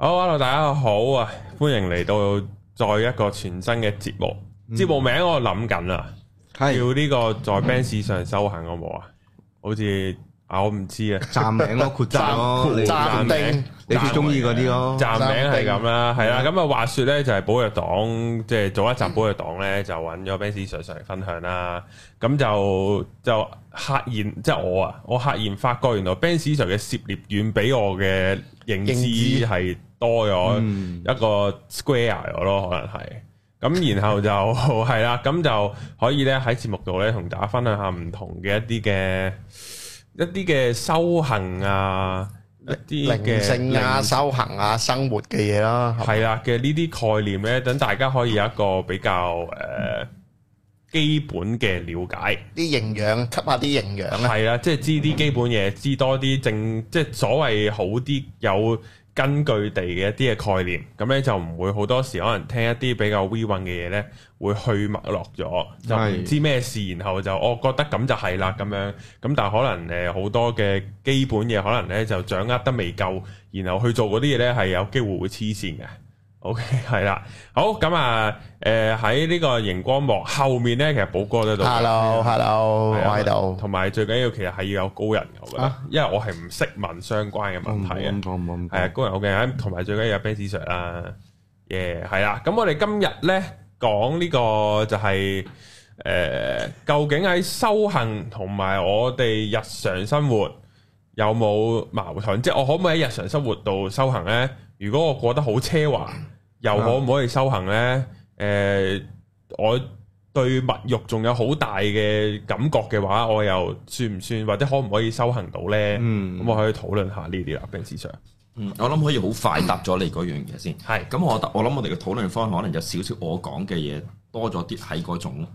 好、oh，hello，大家好啊！歡迎嚟到再一個全新嘅節目，節目名我諗緊啦，叫呢個在 Benz 上修行按摩啊，好似。啊，我唔知啊！站名咯，括站咯，站名，你最中意嗰啲咯？站名係咁啦，係啦名。咁啊，嗯、話說咧，就係寶藥黨，即係早一集寶藥黨咧，就揾咗 Benz Sir 上嚟分享啦。咁就就客然，即係我啊，我客然發覺，原來 Benz Sir 嘅涉獵遠比我嘅認知係多咗一個 square 咗咯、嗯，可能係。咁然後就係啦，咁、嗯、就可以咧喺節目度咧同大家分享下唔同嘅一啲嘅。一啲嘅修行啊，一啲嘅靈性啊，修行啊，生活嘅嘢啦，係啦嘅呢啲概念咧，等大家可以有一個比較誒基本嘅瞭解。啲營養，吸下啲營養，係啦，即係知啲基本嘢，知多啲正，即係所謂好啲有根據地嘅一啲嘅概念，咁咧就唔會好多時可能聽一啲比較 we run 嘅嘢咧，會去脈絡咗，是就唔知咩事，然後就我覺得咁就係啦咁樣，咁但係可能誒好多嘅基本嘢可能咧就掌握得未夠，然後去做嗰啲嘢咧係有機會會黐線嘅。OK，係啦，好咁啊，誒喺呢個熒光幕後面咧，其實寶哥喺度。Hello，Hello，我喺度。同埋最緊要其實係要有高人，我覺得，因為我係唔識問相關嘅問題啊。係啊，高人好嘅，同埋最緊要 Benz Sir 啦，誒係啦。咁我哋今日咧講呢個就係誒，究竟喺修行同埋我哋日常生活有冇矛盾？即係我可唔可以喺日常生活度修行咧？如果我過得好奢華，又可唔可以修行呢？誒、呃，我對物欲仲有好大嘅感覺嘅話，我又算唔算或者可唔可以修行到呢？嗯，咁我可以討論下呢啲啦，邊市上？嗯，我諗可以好快答咗你嗰樣嘢先。係， 咁我我諗我哋嘅討論方向可能有少少我講嘅嘢多咗啲喺嗰種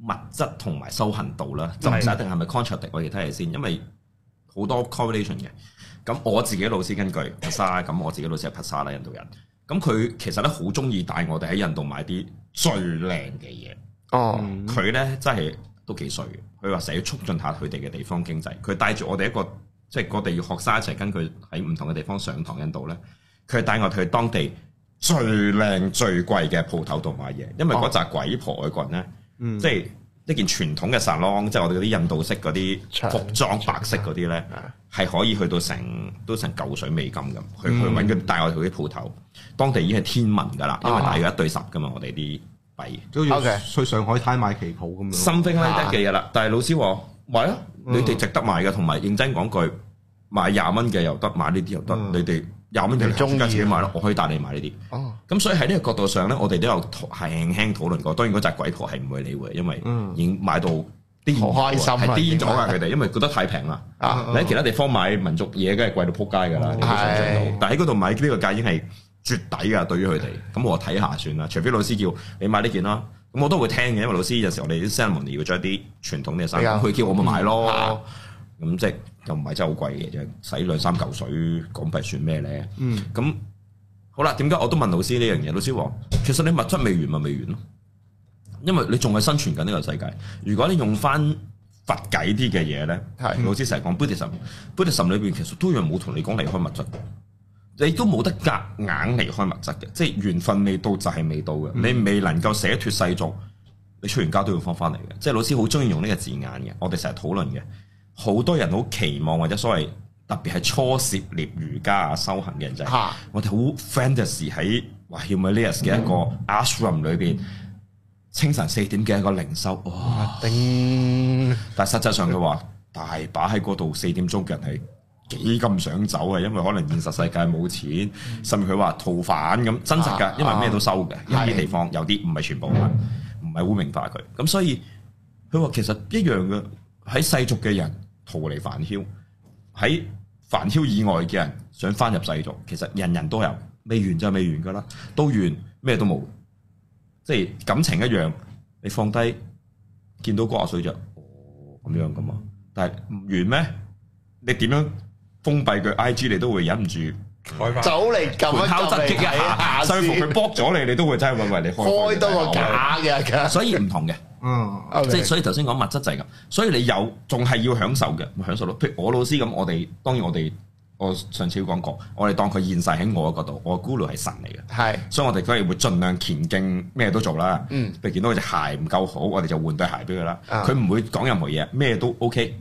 物質同埋修行度啦，嗯、就唔一定係咪 contradict 我哋睇下先看看，因為好多 correlation 嘅。咁我自己老師根據，沙咁我自己老師係拍沙啦，印度人。咁佢其實咧好鍾意帶我哋喺印度買啲最靚嘅嘢。哦，佢咧、嗯、真係都幾衰嘅。佢話成日要促進下佢哋嘅地方經濟。佢帶住我哋一個，即、就、係、是、各地要學生一齊跟佢喺唔同嘅地方上堂，印度咧。佢帶我哋去當地最靚最貴嘅鋪頭度買嘢，因為嗰紮鬼婆外國人咧，哦、即係是。嗯一件傳統嘅 salon，即係我哋嗰啲印度式嗰啲服裝，白色嗰啲咧，係可以去到成都成舊水美金咁。嗯、去去揾佢帶我哋啲鋪頭，當地已經係天文㗎啦，因為大約一對十㗎嘛，啊、我哋啲幣都要去上海灘買旗袍咁 Okay, 樣。心聲咧得嘅啦，但係老師話買啊，你哋值得買嘅，同埋認真講句，買廿蚊嘅又得，買呢啲又得，你哋、嗯。有咩嘅？中間自己買咯，我可以帶你買呢啲。哦，咁所以喺呢個角度上咧，我哋都有輕輕討論過。當然嗰紮鬼婆係唔會理會，因為已經買到啲好、嗯、開心啊！癲咗啊！佢哋因為覺得太平啦。啊，啊你喺其他地方買民族嘢，梗係貴、嗯、想想到撲街㗎啦。係、嗯，但喺嗰度買呢個價已經係絕底㗎。對於佢哋，咁、嗯、我睇下算啦。除非老師叫你買呢件啦，咁我都會聽嘅。因為老師有時我哋啲 salesman 要著啲傳統嘅衫，佢比較叫我咪買咯。嗯啊咁即係又唔係真係好貴嘅啫。使兩三嚿水港幣算咩咧？嗯，咁好啦。點解我都問老師呢樣嘢？老師，其實你物質未完咪未完咯，因為你仲係生存緊呢個世界。如果你用翻佛偈啲嘅嘢咧，係的老師成日講 Buddhism，Buddhism 裏邊其實都又冇同你講離開物質，你都冇得夾硬離開物質嘅。即係緣分未到就係未到嘅，嗯、你未能夠捨脫世俗，你出完家都要放翻嚟嘅。即係老師好中意用呢個字眼嘅，我哋成日討論嘅。好多人好期望或者所謂，特別係初涉獵瑜伽啊修行嘅人就仔、是，我哋好 fantasy 喺 Yumelias 嘅一個 ashram 裏邊清晨四點嘅一個靈修，哇！叮哇！哦、哇但實際上佢話的大把喺嗰度四點鐘嘅人係幾咁想走啊，因為可能現實世界冇錢，甚至佢話逃犯咁真實噶，因為咩都收嘅，一啲、啊啊、地方有啲唔係全部唔係的污名化佢，咁所以佢話其實一樣嘅喺世俗嘅人。逃離煩囂，喺煩囂以外嘅人想翻入世俗，其實人人都有，未完就未完㗎啦，都完咩都冇，即係感情一樣，你放低見到個阿水著，哦咁樣㗎嘛，但係唔完咩？你點樣封閉佢 I G，你都會忍唔住。走嚟來旁敲側擊一下，舒下服佢卜咗你，你都會真係喂喂你開，開都係假嘅，所以唔同嘅。 嗯，即係是 Okay. 所以頭先講物質就係咁，所以你有仲係要享受嘅，就是、享受咯。譬如我老師咁，我哋當然我哋，我上次講過，我哋當佢現世喺我嗰度，我 Guru 係神嚟嘅，係是，所以我哋當然會盡量虔敬，咩都做啦。譬、嗯、如見到佢隻鞋唔夠好，我哋就換對鞋俾佢啦。佢唔、嗯、會講任何嘢，咩都 OK。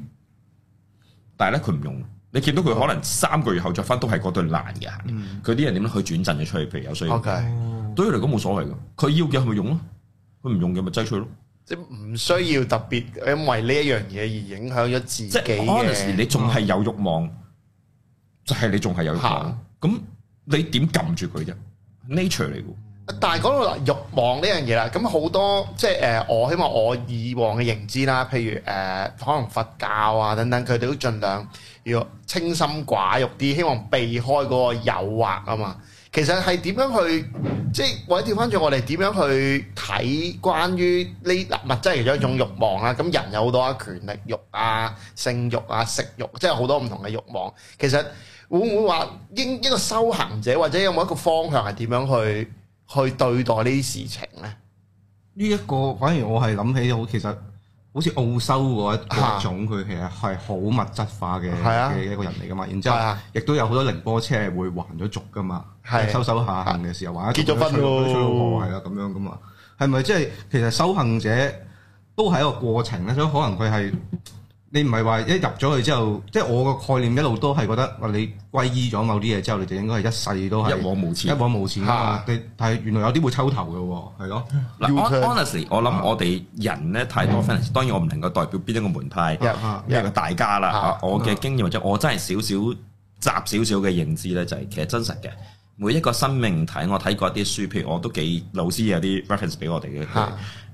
但係咧，佢唔用，你見到佢可能三個月後著翻都係嗰對爛嘅佢啲人點樣？去、嗯、轉贈咗出去，譬如有 Okay. 需要，OK。對於嚟講冇所謂嘅，佢要嘅係咪用咯？佢唔用嘅咪擠出咯。唔需要特別因為呢一樣嘢而影響咗自己嘅。是的你仲係有慾望，嗯、就係你仲係有慾望。咁的你點撳住佢啫？nature 嚟嘅。但係講到嗱慾望呢樣嘢啦，咁好多即係誒，我希望我以往嘅認知啦，譬如誒、呃，可能佛教啊等等，佢哋都盡量要清心寡欲啲，希望避開嗰個誘惑啊嘛。其實係點樣去？即係，或者調翻轉我哋點樣去睇關於呢物質其中一種欲望啦、啊。咁人有好多啊，權力慾啊、性慾啊、食慾、啊，即係好多唔同嘅欲望。其實會唔會話，應一個修行者或者有冇一個方向係點樣去去對待呢啲事情呢？呢一個反而我係諗起，好其實。好似澳洲嗰嗰種佢，啊、其實係好物質化嘅嘅一個人嚟噶嘛。啊、然之後亦都有好多凌波車係會還咗俗噶嘛。啊、收收下行嘅時候還咗俗咯，係啦咁樣噶嘛，係咪即係其實修行者都係一個過程咧，所以可能佢係。你唔係話一入咗去之後，即係我個概念一路都係覺得話你皈依咗某啲嘢之後，你就應該係一世都係一往無前，一往無前啊！但係原來有啲會抽頭嘅喎，係咯。嗱，honestly，我諗我哋人咧太多 honesty，當然我唔能夠代表邊一個門派，一個大家啦。我嘅經驗或者我真係少少雜少少嘅認知咧，就係其實真實嘅每一個生命體，我睇過啲書，譬如我都幾老師有啲 reference 俾我哋嘅。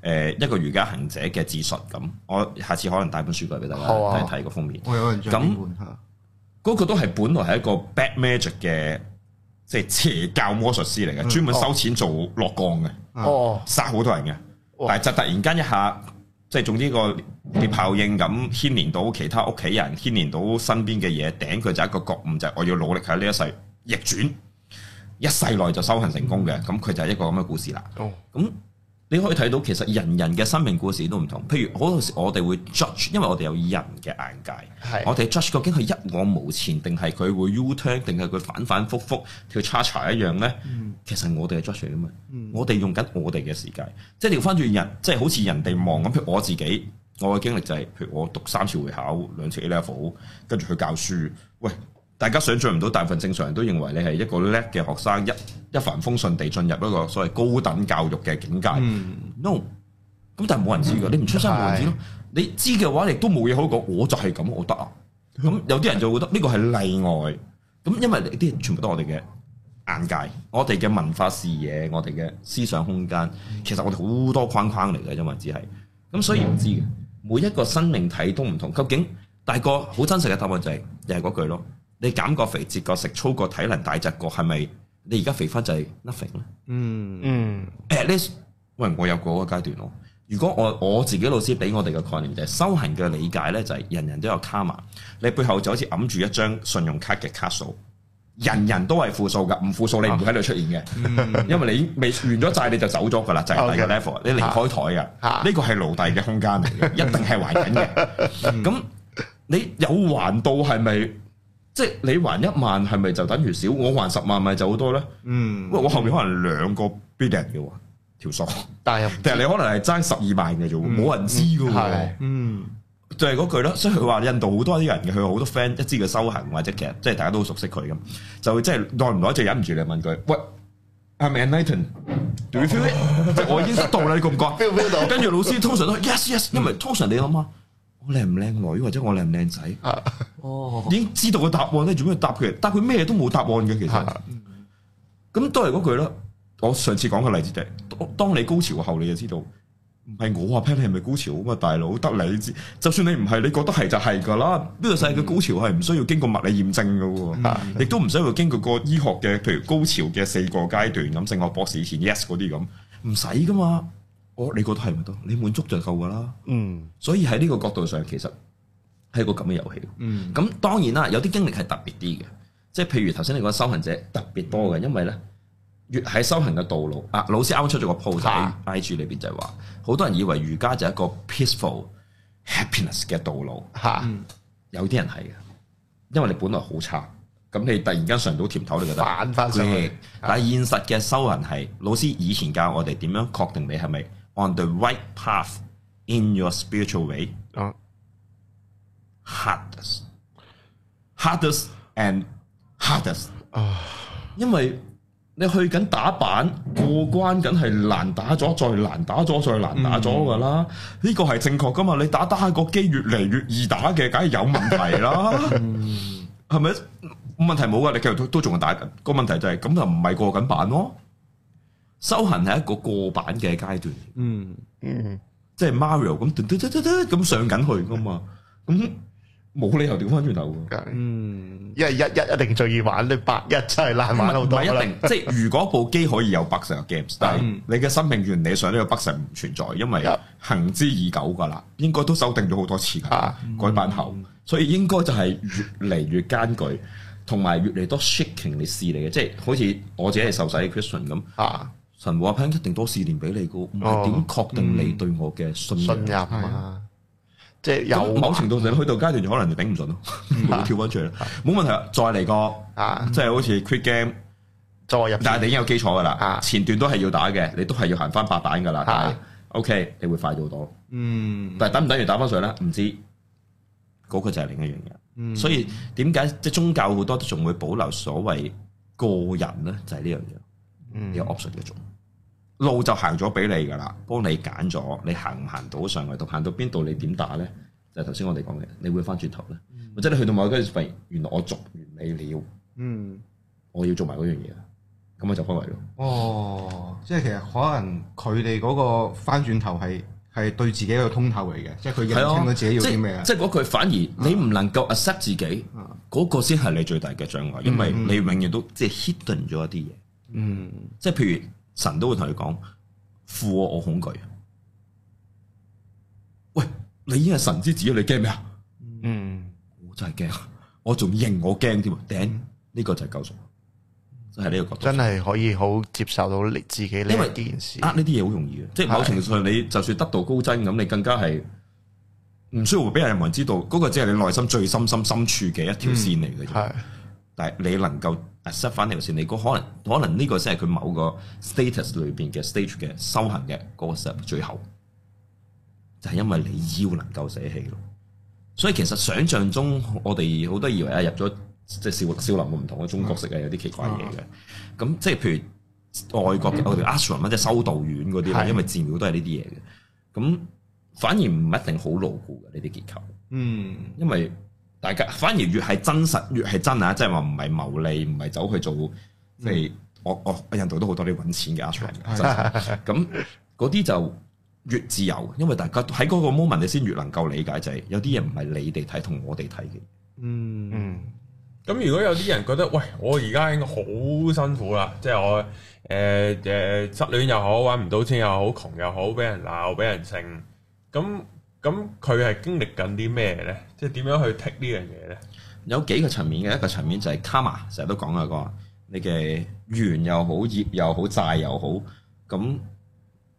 誒，一個瑜伽行者嘅自述咁，我下次可能帶本書過嚟俾大家睇個封面。我嗰個都係本來係一個 bad magic 嘅，即係邪教魔術師嚟嘅，專門收錢做落降嘅，哦，殺好多人嘅。但係就突然間一下，即係總之個嘅報應咁牽連到其他屋企人，牽連到身邊嘅嘢，頂佢就係一個覺悟，就係我要努力喺呢一世逆轉，一世內就修行成功嘅。咁佢就係一個咁嘅故事啦。咁。你可以睇到，其實人人嘅生命故事都唔同。譬如好多時我哋會 judge，因為我哋有人嘅眼界。是的 我哋 judge 究竟係一往無前，定係佢會 U-turn，定係佢反反覆覆跳叉柴一樣咧？嗯、其實我哋係 judge 嚟嘅嘛。嗯、我哋用緊我哋嘅時間，即係調翻轉人，即係好似人哋望咁。譬如我自己，我嘅經歷就係、是，譬如我讀三次會考，兩次 A level，跟住去教書。喂！大家想象唔到，大部分正常人都認為你係一個叻嘅學生，一一帆風順地進入一個所謂高等教育嘅境界。嗯、no，咁但係冇人知噶，你唔出聲冇、嗯、人知咯。你知嘅話，亦都冇嘢好講。我就係咁，我得啊。咁有啲人就會覺得呢個係例外。咁因為啲全部都係我哋嘅眼界，我哋嘅文化視野，我哋嘅思想空間，其實我哋好多框框嚟嘅因嘛。只係咁，所以唔知嘅每一個生命體都唔同。究竟大個好真實嘅答案就係、是，又係嗰句咯。你減過肥、節過食、操過體能、大隻過係咪？你而家肥翻就係 nothing 咧。嗯嗯。At least，喂，我有嗰個階段咯。如果我我自己老師俾我哋嘅概念就係修行嘅理解咧，就係人人都有卡嘛。你背後就好似揞住一張信用卡嘅卡數，人人都係負數噶，唔負數你唔會喺度出現嘅。Mm. 因為你未完咗債你就走咗噶啦，就係第嘅 level。Okay. 你離開台噶。呢 Okay. 個係奴隸嘅空間嚟嘅，一定係還緊嘅。咁、mm. 你有還到係咪？即係你還一萬係咪就等於少？我還十萬咪就好多咧。嗯，喂我後面可能兩個 bidder 嘅喎條數，但係你可能係爭十二萬嘅啫喎，冇人知嘅喎。嗯，就係嗰句咯。所以佢話印度好多啲人嘅，佢好多 friend 一知佢修行或者其實即係大家都熟悉佢咁，就會即係耐唔耐就忍唔住你問佢：喂係咪 enlightened？Do you feel it？即我已經識到啦，你覺唔覺？跟住老師通常都 yes yes，因為通常你諗下。我靚唔靚女，或者我靚唔靚仔、啊？哦，已經知道個答案咧，做咩答佢？答佢咩都冇答案嘅，其實。咁都係嗰句咯。我上次講個例子就係，當你高潮後，你就知道唔係我話 p a i 你係咪高潮啊？大佬，得你知。就算你唔係，你覺得係就係噶啦。呢、呢個世界嘅高潮係唔需要經過物理驗證噶，亦都唔需要經過個醫學嘅，譬如高潮嘅四個階段咁，性學博士以前 yes 嗰啲咁，唔使噶嘛。我、哦、你覺得係咪多？你滿足就係夠噶啦。嗯。所以喺呢個角度上，其實係一個咁嘅遊戲。嗯。咁當然啦，有啲經歷係特別啲嘅，即係譬如頭先你講修行者特別多嘅，因為呢，越喺修行嘅道路，啊老師啱出咗個 post、啊、IG 裏邊就係、是、話，好多人以為瑜伽就係一個 peaceful happiness 嘅道路嚇。啊、有啲人係嘅，因為你本來好差，咁你突然間上到甜頭，你覺得反翻上去。但係現實嘅修行係，嗯、老師以前教我哋點樣確定你係咪？是 on the right path in your spiritual way，hardest，hardest and hardest，因為你去緊打板過關，梗係難打咗，再難打咗，再難打咗㗎啦。呢個係正確噶嘛？你打打下個機越嚟越易打嘅，梗係有問題啦。係咪？問題冇㗎，你其實都都仲係打緊。個問題就係咁就唔係過緊板咯。.修行係一個過版嘅階段，嗯嗯，即係 Mario 咁咁上緊去噶嘛，咁冇理由調翻轉頭嘅，嗯，一一一一定最易玩啲八一真係難玩好多定，即係如果部機可以有百成嘅 games，但係你嘅生命原理上呢個百成唔存在，因為行之已久噶啦，應該都修訂咗好多次噶，改版後，所以應該就係越嚟越艱巨，同埋越嚟多 shaking 嘅事嚟嘅，即係好似我自己係受洗 Christian 咁啊。神話 p 一定多試年俾你估，唔係點確定你對我嘅信任啊？即係有某程度上去到階段，就可能就頂唔順咯，跳翻出嚟，冇問題。再嚟過，即係好似 quit game 再入，但係你已經有基礎噶啦，前段都係要打嘅，你都係要行翻白板噶啦。OK，你會快做到，嗯，但係等唔等於打翻上咧，唔知嗰個就係另一樣嘢。所以點解即係宗教好多仲會保留所謂個人咧？就係呢樣嘢，有 option 嘅做。路就行咗俾你噶啦，幫你揀咗，你行唔行到上嚟？到行到邊度？你點打咧？就係頭先我哋講嘅，你會翻轉頭咧？嗯、或者你去到某個階段，反原來我做完你了，嗯，我要做埋嗰樣嘢啦，咁我就翻嚟咯。哦，即係其實可能佢哋嗰個翻轉頭係係對自己一個通透嚟嘅，即係佢認清自己要啲咩啊？即係嗰句，反而、啊、你唔能夠 accept 自己，嗰、啊、個先係你最大嘅障礙，因為你永遠都即係 hidden 咗一啲嘢。嗯，即係譬如。神都會同佢講，負我，我恐懼。喂，你已經係神之子，你驚咩啊？嗯，我真係驚，我仲認我驚添。頂，呢個就係救贖，真係呢個角度。真係可以好接受到你自己呢為件事。呃，呢啲嘢好容易嘅，即係某程度上，你就算得道高僧咁，是你更加係唔需要俾任何人知道。嗰、那個只係你內心最深深深處嘅一條線嚟嘅，係、嗯。但係你能夠。set 翻呢條線，你可能可能呢個先係佢某個 status 裏邊嘅 stage 嘅修行嘅嗰、那個 step 最後，就係、是、因為你要能夠捨棄咯。所以其實想像中，我哋好多以為啊入咗即係少少林嘅唔同嘅中國式嘅有啲奇怪嘢嘅。咁、啊、即係譬如外國嘅我哋 Ashram 乜即係修道院嗰啲，是因為寺廟都係呢啲嘢嘅。咁反而唔一定好牢固嘅呢啲結構。嗯，因為。大家反而越係真實，越係真啊！即係話唔係牟利，唔係走去做，即係、嗯、我我印度都好多啲揾錢嘅阿 Sir。咁嗰啲就越自由，因為大家喺嗰個 moment 你先越能夠理解，就係、是、有啲嘢唔係你哋睇同我哋睇嘅。嗯嗯。咁、嗯、如果有啲人覺得，喂，我而家應該好辛苦啦，即、就、係、是、我誒誒、呃呃、失戀又好，揾唔到錢又好，窮又好，俾人鬧，俾人剩，咁。咁佢係經歷緊啲咩咧？即係點樣去剔呢樣嘢咧？有幾個層面嘅，一個層面就係、是、卡瑪，成日都講嗰個你嘅緣又好，業又好，債又好，咁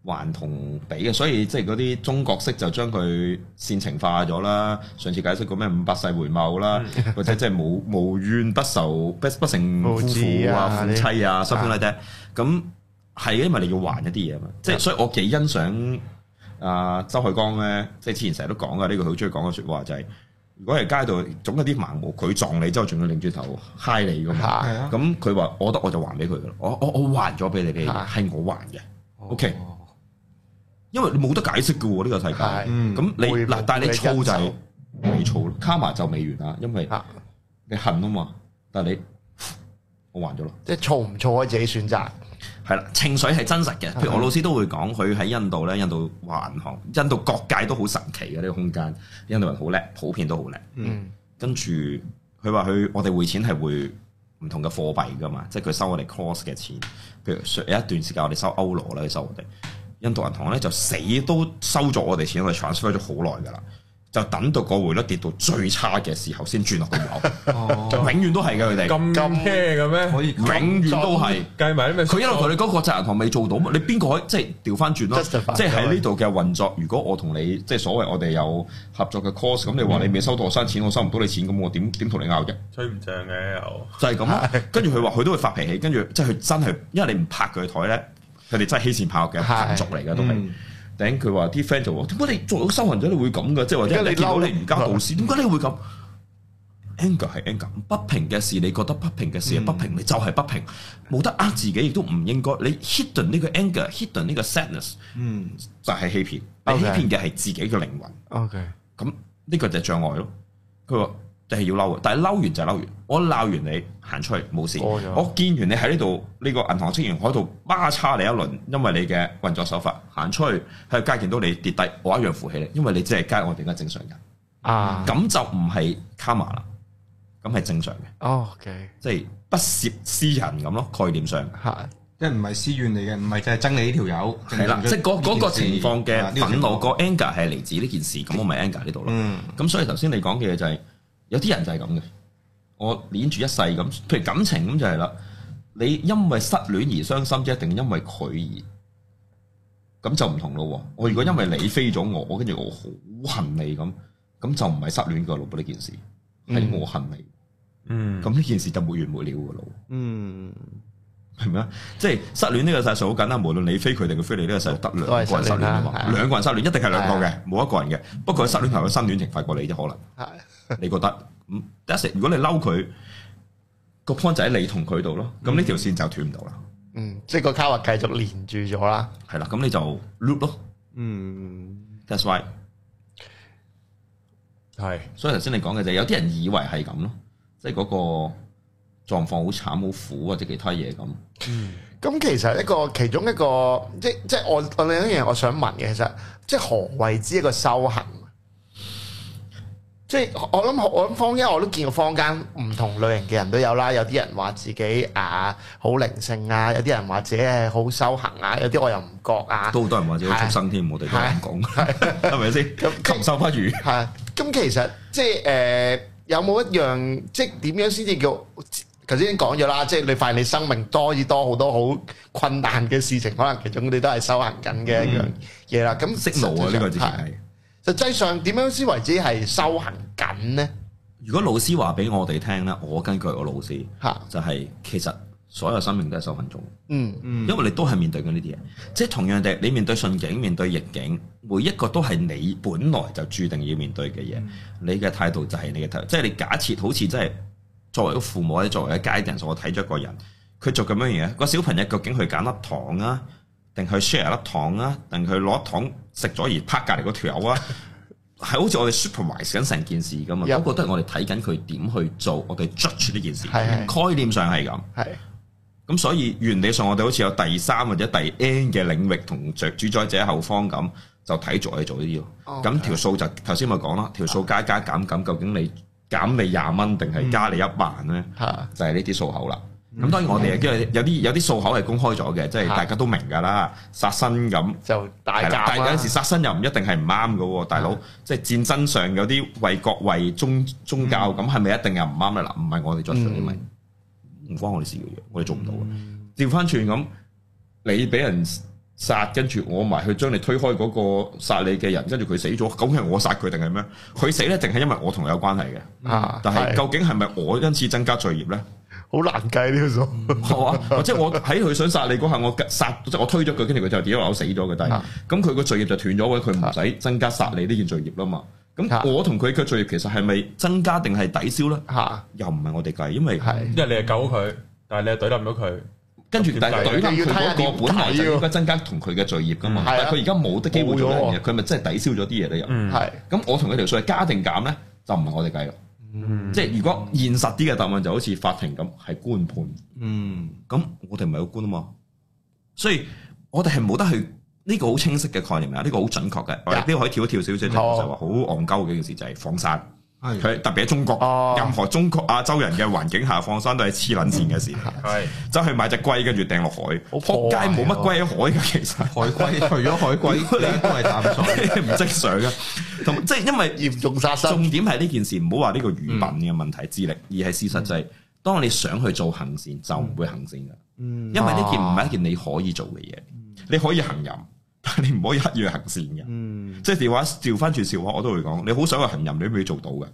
還同俾嘅，所以即係嗰啲中國式就將佢煽情化咗啦。上次解釋過咩五百世回眸啦，嗯、或者即係無無怨不仇不不成夫婦啊、夫妻啊，收翻嚟啫。咁係因為你要還一啲嘢啊嘛，即係所以我幾欣賞。啊，周海江咧，即係之前成日都講噶，呢、這個好中意講嘅說話就係、是，如果係街度總有啲盲毛，佢撞你之後，仲要擰轉頭嗨你噶嘛，咁佢話，嗯、我覺得我就還俾佢噶啦，我我我還咗俾你嘅嘢，係我還嘅，OK，因為你冇得解釋噶喎，呢、這個世界，咁、啊嗯、你嗱，但係你錯就未錯咯，卡埋就未、嗯、完啦，因為你恨啊嘛，但係你我還咗啦，即係錯唔錯，我自己選擇。係啦，情緒係真實嘅。譬如我老師都會講，佢喺印度咧，印度話銀行、印度各界都好神奇嘅呢個空間。印度人好叻，普遍都好叻。嗯，跟住佢話佢，我哋匯錢係匯唔同嘅貨幣噶嘛，即係佢收我哋 cross 嘅錢。譬如有一段時間我哋收歐羅啦，佢收我哋印度銀行咧就死都收咗我哋錢，我哋 transfer 咗好耐㗎啦。就等到個匯率跌到最差嘅時候先轉落去，就永遠都係嘅。佢哋咁咩嘅咩？可以永遠都係計埋咩？佢一路同你講國際銀行未做到嘛？你邊個可以即係調翻轉咯？即係喺呢度嘅運作。如果我同你即係所謂我哋有合作嘅 course 咁，你話你未收到我生錢，我收唔到你錢，咁我點點同你拗嘅？吹唔正？嘅就係咁。跟住佢話佢都會發脾氣，跟住即係佢真係，因為你唔拍佢台咧，佢哋真係欺善怕惡嘅族嚟嘅都係。頂佢話啲 friend 就話點解你做咗修行咗你會咁噶？即係話即係你見到你唔交道士，點解你會咁？Anger 係 anger，mm hmm. 不平嘅事，你覺得不平嘅事不平，mm hmm. 你就係不平，冇得呃自己，亦都唔應該。你 hidden 呢個 anger，hidden 呢個 sadness，嗯、mm，就係欺騙，欺 Okay. 騙嘅係自己嘅靈魂。OK，咁呢個就係障礙咯。佢話。就係要嬲，但係嬲完就係嬲完。我鬧完你行出去冇事，我見完你喺呢度呢個銀行職員喺度巴叉你一輪，因為你嘅運作手法，行出去喺街見到你跌低，我一樣扶起你，因為你只係街我哋嘅正常人啊。咁就唔係卡麻啦，咁係正常嘅。哦 OK，即係不涉私人咁咯，概念上係即係唔係私怨嚟嘅，唔係就係憎你呢條友。係啦，即係嗰個情況嘅憤怒個 anger 係嚟自呢件事，咁我咪 anger 呢度咯。咁所以頭先你講嘅嘢就係。有啲人就係咁嘅，我黏住一世咁，譬如感情咁就係、是、啦。你因為失戀而傷心，即一定因為佢而，咁就唔同咯。我如果因為你飛咗我，跟住我好恨你咁，咁就唔係失戀噶啦。不過呢件事係我恨你，咁呢、嗯、件事就冇完冇了噶咯。嗯係咪啊？即係失戀呢個世數好緊啦。無論你飛佢定佢飛你，呢個世數得兩個人失戀啊嘛。兩個人失戀一定係兩個嘅，冇一個人嘅。不過失戀頭佢新戀情快過你就可能。係你覺得？嗯，一時如果你嬲佢，個 point 就喺你同佢度咯。咁呢條線就斷唔到啦。嗯，即係個 car 或繼續連住咗啦。係啦，咁你就 loop 咯。嗯，that's why 係。所以頭先你講嘅就係有啲人以為係咁咯，即係嗰個。狀況好慘好苦或者其他嘢咁、嗯，嗯，咁其實一個其中一個即即、即係即係、我我另一樣我想問嘅，其實即何為之一個修行？即、即係、我諗我諗坊間我都見過坊間唔同類型嘅人都有啦，有啲人話自己啊好靈性啊，有啲人話自己係好修行啊，有啲的我又唔覺啊，都好多人話自己好畜生添，我哋都咁講係咪先？禽獸的 不如係，咁其實、呃、有有即誒有冇一樣即點樣先至叫？頭先已經講咗啦，即係你發現你生命多而多好多好困難嘅事情，可能其中你都係修行緊嘅一樣嘢啦。咁食素呢個字係實際上點是樣先為之係修行緊呢？如果老師話俾我哋聽咧，我根據個老師嚇哈就係、是、其實所有生命都係修行中。嗯嗯，因為你都係面對緊呢啲嘢，嗯、即係同樣地，你面對順境、面對逆境，每一個都係你本來就注定要面對嘅嘢。嗯、你嘅態度就係你嘅態，即、就、係、是你，就是、你假設好似真係。作為一個父母或者作為一家人，我睇咗一個人，佢做咁樣嘢，個小朋友究竟佢揀粒糖啊，定係 share 粒糖啊，定係攞糖食咗而拍隔離嗰條友啊，係 好似我哋 supervise 緊成件事咁啊，有覺得我哋睇緊佢點去做，我哋 judge 呢件事，的概念上係咁。係的。咁所以原理上我哋好似有第三或者第 N 嘅領域同著主宰者後方咁，就睇住我哋做啲咯。咁 Okay. 條數就頭先咪講咯，條數加加減減，究竟你？減你廿蚊定係加你一萬咧，嗯、就係呢啲數口啦。咁、嗯、當然我哋、嗯、有啲有啲數口係公開咗嘅，嗯、即係大家都明㗎啦。殺身咁就大，但係有時殺身又唔一定係唔啱嘅喎，大佬即係戰爭上有啲為國為宗宗教咁係咪一定又唔啱咧？嗱，唔係、嗯、我哋作主，因為唔關我哋事嘅嘢，我哋做唔到嘅。調翻轉咁，你俾人殺，跟住我埋去將你推開嗰個殺你嘅人，跟住佢死咗，究竟係我殺佢定係咩？佢死咧，定係因為我同佢有關係嘅。但係究竟係咪我因此增加罪業咧？好難計呢個數，係嘛？或者我喺佢想殺你嗰下，我殺即我推咗佢，跟住佢就跌落樓死咗嘅。但係咁佢個罪業就斷咗嘅，佢唔使增加殺你呢件罪業啦嘛。咁我同佢嘅罪業其實係咪增加定係抵消咧？嚇，又唔係我哋計，因為係因為你係救佢，但係你係懟冧咗佢。跟住，但係懟佢嗰個本嚟就應該增加同佢嘅罪業噶嘛，嗯、但係佢而家冇得機會做呢樣嘢，佢咪真係抵消咗啲嘢入？係、嗯，咁我同佢條數係加定減咧，就唔係我哋計咯。即係如果現實啲嘅答案就好似法庭咁，係官判。嗯，咁我哋唔係個官啊嘛，所以我哋係冇得去呢、呢個好清晰嘅概念啊，呢、呢個好準確嘅。的我哋邊可以跳一跳少少？好，就話好戇鳩嘅件事就係、係、放散。佢特別喺中國，任何中國亞洲人嘅環境下放生都係黐撚線嘅事。係，走去買隻龜跟住掟落海，撲街冇乜龜喺海嘅，其實海龜除咗海龜，你都係淡水，你唔識水嘅。同即係因為嚴重殺生。重點係呢件事唔好話呢個魚品嘅問題之力，而係事實就係當你想去做行善，就唔會行善嘅。嗯，因為呢件唔係一件你可以做嘅嘢，你可以行淫。你唔可以刻意行善嘅，嗯，即係電話調翻轉，笑話，我都會講。你好想去行仁，你都未做到嘅。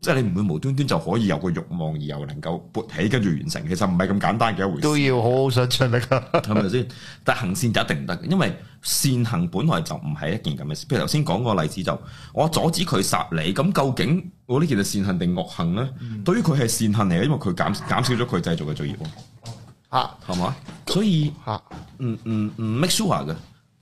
即係你唔會無端端就可以有個慾望而又能夠勃起跟住完成，其實唔係咁簡單嘅一回事。都要好好想出力，係咪先？但係行善就一定唔得，因為善行本來就唔係一件咁嘅事。譬如頭先講個例子，就我阻止佢殺你，咁究竟我呢件係善行定惡行咧？對於佢係善行嚟嘅，因為佢減減少咗佢製造嘅罪業，吓，係嘛？所以吓唔唔唔 make sure 嘅。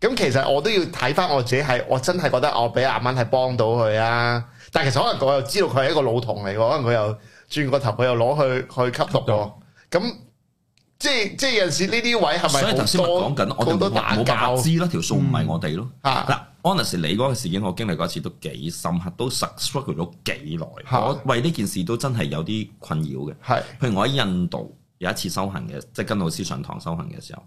咁其實我都要睇翻我自己係，我真係覺得我俾廿蚊係幫到佢啊！但係其實可能我又知道佢係一個老童嚟，可能佢又轉個頭，佢又攞去去吸毒咗。咁即係即係有陣時呢啲位係咪好多？所以頭先咪講緊我哋冇冇價值咯，條數唔係我哋咯。嗱，Anas、嗯、你嗰個事件我經歷過一次都幾深刻，都 subtract 咗幾耐。嗯、我為呢件事都真係有啲困擾嘅。係是，譬如我喺印度有一次修行嘅，即係跟老師上堂修行嘅時候。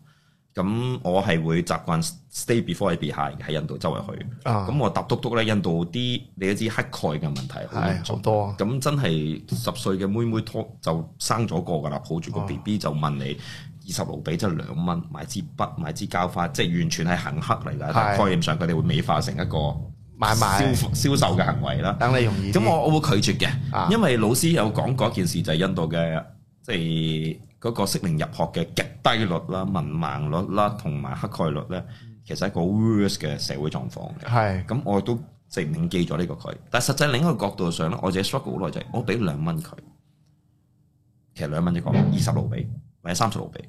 咁我係會習慣 stay before 係 be behind 喺印度周圍去，咁、嗯、我搭嘟嘟咧，印度啲你一知乞丐嘅問題好多，啊，咁真係十歲嘅妹妹拖就生咗個㗎啦，抱住個 B B 就問你，哦、二十盧比即係，就是，兩蚊買支筆買支膠花，即係完全係行乞嚟㗎，是但概念上佢哋會美化成一個買賣賣銷銷售嘅行為啦。等你容易啲，咁我我會拒絕嘅，因為老師有講嗰件事就係印度嘅即係。嗰個適齡入學嘅極低率啦、文盲率啦，同埋黑概率咧，其實係一個好 worse 嘅社會狀況嘅。係是，咁我亦都直面記咗呢個佢。但係實際另一個角度上咧，我自己 struggle 過好耐，就係、是、我俾兩蚊佢，其實兩蚊一個，二十盧比或者三十盧比，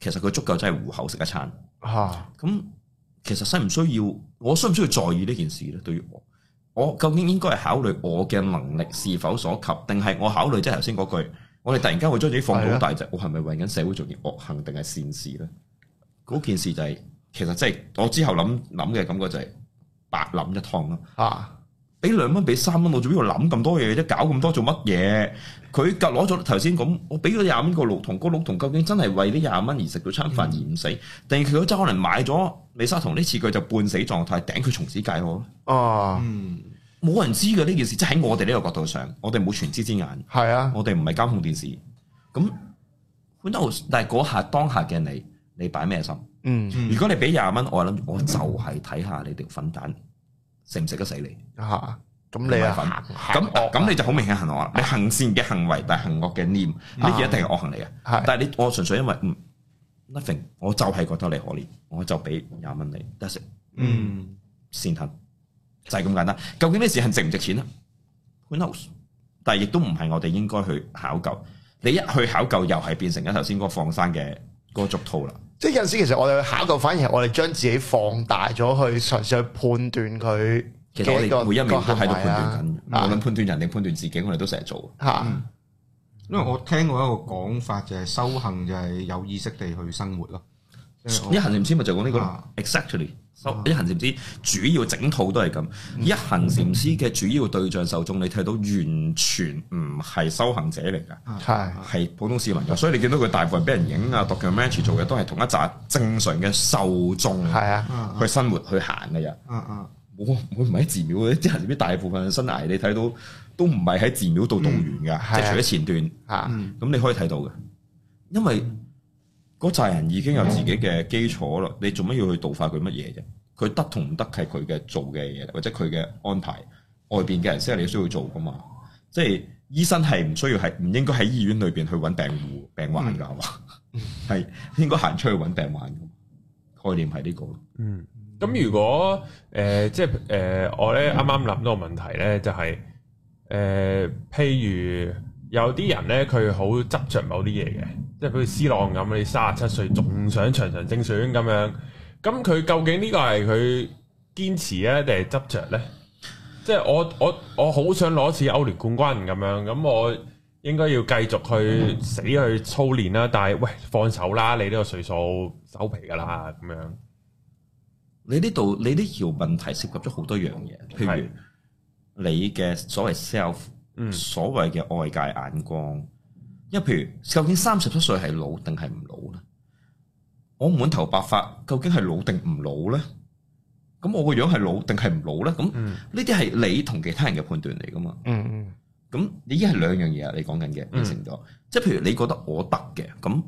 其實佢足夠真係糊口食一餐。嚇、啊！咁其實需唔需要？我需唔需要在意呢件事咧？對於我，我究竟應該係考慮我嘅能力是否所及，定係我考慮即係頭先嗰句？我哋突然間會將自己放咗好大隻，的我係咪為緊社會做件惡行定係善事咧？嗰件事就係、是，其實即、就、係、是、我之後諗諗嘅感覺就係白諗一趟咯。啊，俾兩蚊俾三蚊，我做邊度諗咁多嘢啫？搞咁多做乜嘢？佢夾攞咗頭先咁，我俾咗廿蚊個六同，嗰老同究竟真係為呢廿蚊而食到餐飯而唔死？定佢、嗯、真可能買咗美沙酮呢次，佢就半死狀態，頂佢從此計我咯。啊，嗯。冇人知嘅呢件事，即喺我哋呢個角度上，我哋冇全知之眼。係啊，我哋唔係監控電視。咁但係嗰下當下嘅你，你擺咩心？嗯，如果你俾廿蚊，我諗我就係睇下你條粉蛋食唔食得死你。嚇，咁你係行惡，咁咁你就好明顯行惡啦。你行善嘅行為，但係行惡嘅念，呢嘢一定係惡行嚟嘅。但係你我純粹因為嗯，nothing，我就係覺得你可憐，我就俾廿蚊你得食。嗯，善行。就係咁簡單，究竟咩事係值唔值錢啊 Who knows？但係亦都唔係我哋應該去考究。你一去考究，又係變成咗頭先嗰個放生嘅嗰個俗套啦。即係有陣時，其實我哋去考究，反而係我哋將自己放大咗去嘗試去判斷佢，那個。其實我哋每一名都喺度判斷緊，無論、嗯、判斷人定判斷自己，我哋都成日做。吓、嗯，因為我聽過一個講法，就係修行就係有意識地去生活咯。一行禪師咪就講呢個，exactly。一行禪師主要整套都係咁，一行禪師嘅主要對象受眾，你睇到完全唔係修行者嚟噶，係係普通市民噶，所以你見到佢大部分俾人影啊、讀嘅 match 做嘅都係同一扎正常嘅受眾，係啊，去生活去行嘅人，嗯嗯，冇冇唔喺寺廟嗰啲，一行禪師大部分生涯你睇到都唔係喺寺廟度度完噶，即係除咗前段吓，咁你可以睇到嘅，因為。嗰扎人已經有自己嘅基礎啦，你做乜要去度化佢乜嘢啫？佢得同唔得係佢嘅做嘅嘢，或者佢嘅安排外邊嘅人先係你需要做噶嘛？即係醫生係唔需要係唔應該喺醫院裏邊去揾病戶病患噶，係嘛、嗯？係 應該行出去揾病患嘅概念係呢、這個。嗯，咁如果誒、呃、即係誒、呃、我咧啱啱諗到個問題咧、就是，就係誒譬如。有啲人呢，佢好執着某啲嘢嘅，即係比如 C 朗咁，你三十七歲仲想場場正選咁樣，咁佢究竟呢個係佢堅持呀，定係執着呢？即係我我我好想攞次歐聯冠軍咁樣，咁我應該要繼續去死去操練啦。但係喂，放手啦，你呢個歲數收皮噶啦咁樣。你呢度你呢條問題涉及咗好多樣嘢，譬如你嘅所謂 self。所謂嘅外界眼光，因為譬如究竟三十七歲係老定係唔老咧？我滿頭白髮，究竟係老定唔老咧？咁我個樣係老定係唔老咧？咁呢啲係你同其他人嘅判斷嚟噶嘛？嗯嗯。咁你已經係兩樣嘢啊？你講緊嘅變成咗，即係、嗯、譬如你覺得我得嘅，咁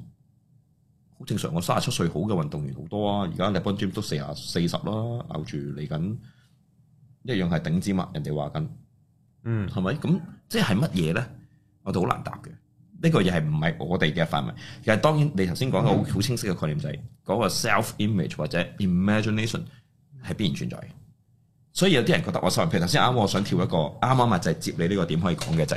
好正常。我三十七歲好嘅運動員好多啊，而家 LeBron James 都四十四十啦，咬住嚟緊一樣係頂尖，人哋話緊，嗯，係咪咁？即係乜嘢咧？我哋好難答嘅。呢、這個嘢係唔係我哋嘅範圍？其實當然，你頭先講個好好清晰嘅概念就係、是、嗰、那個 self-image 或者 imagination 係必然存在嘅。所以有啲人覺得我修，譬如頭先啱，啱我想跳一個啱啱咪就係、是、接你呢、這個點可以講嘅就係、是，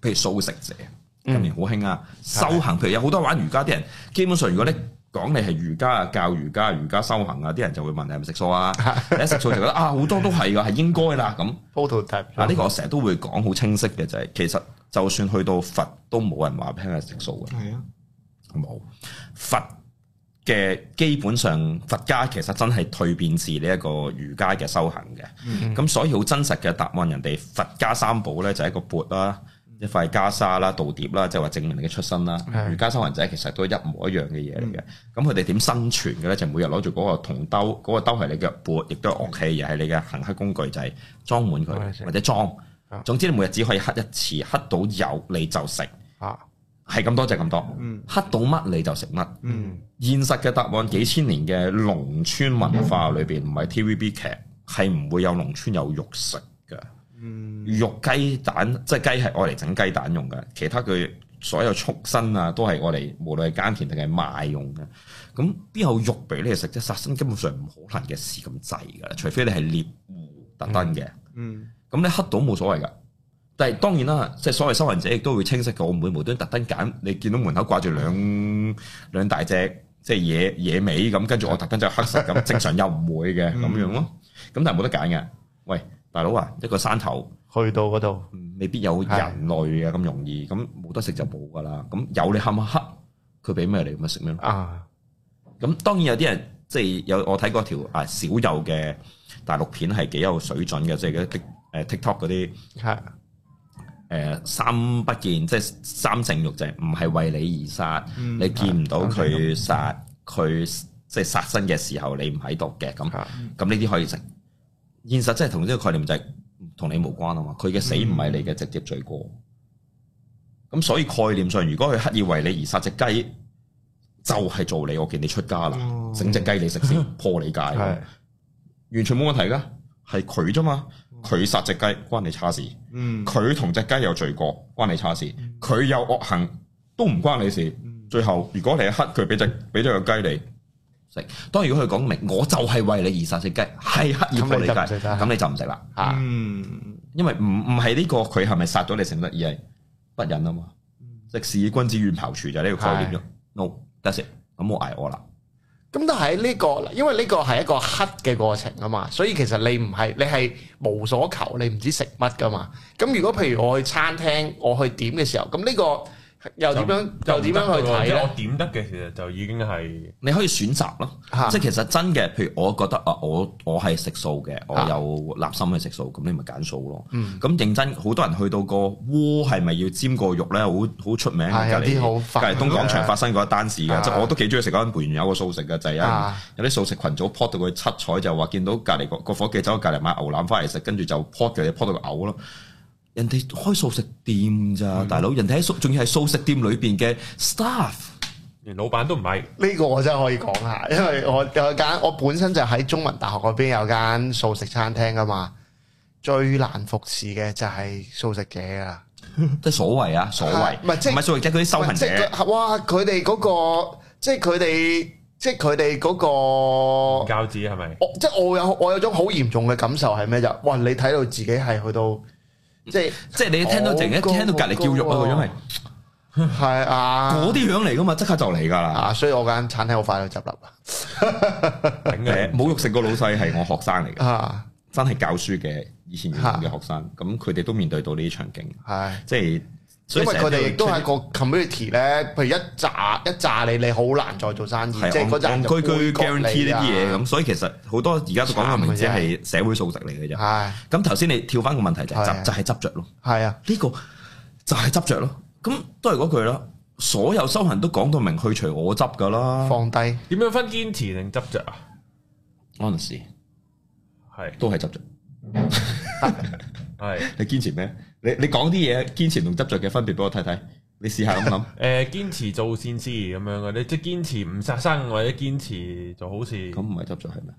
譬如素食者今年好興啊，嗯、修行譬如有好多玩瑜伽啲人，基本上如果你講你係瑜伽，啊，教瑜伽，瑜伽修行啊，啲人就會問你係咪食素啊？你 食素就覺得啊，好多都係噶，係應該啦咁。啊，呢 個我成日都會講好清晰嘅就係、是，其實就算去到佛，都冇人話聽係食素嘅。係啊，冇佛嘅基本上，佛家其實真係蛻變自呢一個瑜伽嘅修行嘅。咁、嗯、所以好真實嘅答案，人哋佛家三寶咧就係一個鉢啦。一塊袈裟啦、道碟啦，即係話證明你嘅出身啦。是如袈裟人仔其實都一模一樣嘅嘢嚟嘅。咁佢哋點生存嘅咧？就每日攞住嗰個銅兜，嗰、那個兜係你嘅背，亦都係樂器，亦係你嘅行乞工具，就係、是、裝滿佢，嗯、或者裝。總之你每日只可以乞一次，乞到有你就食。嚇、啊，係咁多就咁多。嗯，乞到乜你就食乜。嗯，現實嘅答案幾千年嘅農村文化裏邊，唔係 TVB 劇係唔會有農村有肉食嘅。嗯。肉雞蛋即係雞係我嚟整雞蛋用嘅，其他佢所有畜生啊都係我哋，無論係耕田定係賣用嘅。咁邊有肉俾你食啫？殺生根本上唔可能嘅事咁滯㗎啦，除非你係獵戶特登嘅。嗯，咁你黑到冇所謂㗎。但係當然啦，即係所謂修行者亦都會清晰嘅，我唔會無端特登揀。你見到門口掛住兩兩大隻，即係野野味咁，跟住我特登就黑食咁，正常又唔會嘅咁樣咯。咁但係冇得揀嘅。喂，大佬啊，一個山頭。去到嗰度，未必有人類嘅咁的容易，咁冇得食就冇㗎喇。咁有你黑唔黑，佢俾咩你？咁咪食咩啊！咁當然有啲人即係、就是、有我睇過條啊少有嘅大陸片係幾有水準嘅，即係啲誒 TikTok 嗰啲係三不見，即係三淨肉就唔係為你而殺，嗯、你見唔到佢殺佢即係殺身嘅時候你，你唔喺度嘅咁，咁呢啲可以食。現實真係同呢個概念就係、是。同你無關啊嘛，佢嘅死唔係你嘅直接罪過，咁、嗯、所以概念上，如果佢刻意為你而殺隻雞，就係、是、做你，我見你出家啦，整隻雞你食先，破你戒，哦、完全冇問題噶，係佢啫嘛，佢殺隻雞關你差事，佢同隻雞有罪過關你差事，佢、嗯、有惡行都唔關你事，嗯、最後如果你係黑佢俾隻俾咗個雞你。當如果佢講明，我就係為你而殺隻雞，係刻意嚟嘅，咁你就唔食啦。吓，嗯，因為唔唔係呢個佢係咪殺咗你食唔得，而係不忍啊嘛。食事、嗯、君子遠庖廚就係呢個概念咯。是 no，得食，咁我挨餓啦。咁都係呢、這個，因為呢個係一個黑嘅過程啊嘛。所以其實你唔係你係無所求，你唔知食乜噶嘛。咁如果譬如我去餐廳，我去點嘅時候，咁呢、這個。又點樣？就又點樣去睇咧？我點得嘅其實就已經係你可以選擇咯，啊、即係其實真嘅，譬如我覺得啊，我我係食素嘅，我有立心去食素，咁、啊、你咪揀素咯。嗯、啊，咁認真，好多人去到個窩係咪要沾個肉咧？好好出名。係、啊、有啲好隔離東廣場發生過一單事嘅，就、啊、我都幾中意食嗰間培元有個素食嘅，就係、是、有、啊、有啲素食群組 po 到佢七彩，就話見到隔離、那個個夥計走去隔離買牛腩返嚟食，跟住就 po 嘅嘢 po 到佢嘔咯。人哋開素食店咋，大佬，人哋喺素，仲要係素食店裏邊嘅 staff，連老闆都唔係。呢個我真係可以講下，因為我有間，我本身就喺中文大學嗰邊有間素食餐廳噶嘛，最難服侍嘅就係素食者啦，即係所謂啊，所謂唔係即係唔係素食者，佢啲修行者哇，佢哋嗰個即係佢哋，即係佢哋嗰個教子係咪？我即係我有，我有種好嚴重嘅感受係咩就？哇，你睇到自己係去到。就是、即係即係你聽到成日聽到隔籬叫肉啊個樣係，係啊，嗰啲、 啊、樣嚟噶嘛，即刻就嚟噶啦，所以我間餐廳好快就執笠啊。冇肉食個老細係我學生嚟嘅， 真係教書嘅以前嘅學,學生，咁佢哋都面對到呢啲場景， 即係。以因以佢哋亦都係個 community 咧，譬如一扎一扎你，你好難再做生意。係、嗯，區區 guarantee 啲嘢咁，所以其實好多而家都講個名詞係社會素質嚟嘅啫。係。咁頭先你跳翻個問題就是、的就就係執着咯。係啊，呢個就係執着咯。咁、嗯、都係嗰句啦。所有修行都講到明，去除我執噶啦。放低下。點樣分堅持定執着啊？安時係都係執着。係。 你堅持咩？你你講啲嘢，堅持同執着嘅分別，俾我睇睇。你試下諗諗。誒、呃，堅持做善事咁樣嘅，你即係堅持唔殺生，或者堅持做好事咁，唔係執着，係咩？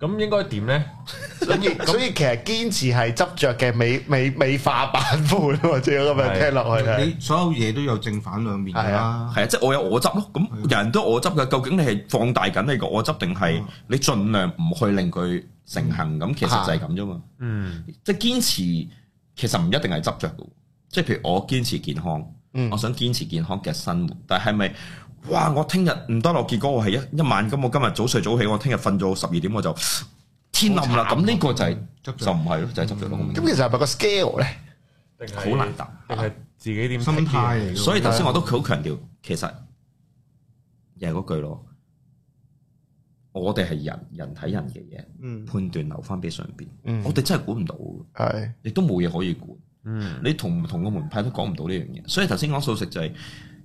咁應該點咧？ 所以， 所，以所以其實堅持係執着嘅美美美化版本，或者咁樣聽落去。啊、你所有嘢都有正反兩面噶啦。係啊，即係、啊就是、我有我執咯。咁人，人都我執嘅，究竟你係放大緊你個我執，定係你盡量唔去令佢成行？咁其實就係咁啫嘛。啊、嗯，即係堅持。其實唔一定係執着嘅，即係譬如我堅持健康，嗯、我想堅持健康嘅生活，但係咪哇？我聽日唔得落結果我係一一晚咁，我今日早睡早起，我聽日瞓咗十二點，我就天暗啦。咁呢個就係、執著，就唔係咯，就係執着咯。咁其實係咪個 scale 咧好難答？係自己點、啊啊、心態，所以頭先我都好強調，其實又係嗰句咯，我哋係人人睇人嘅嘢，判斷留翻俾上邊。我哋真係估唔到。係，亦都冇嘢可以管。嗯，你同唔同個門派都講唔到呢樣嘢。所以頭先講素食就係、是，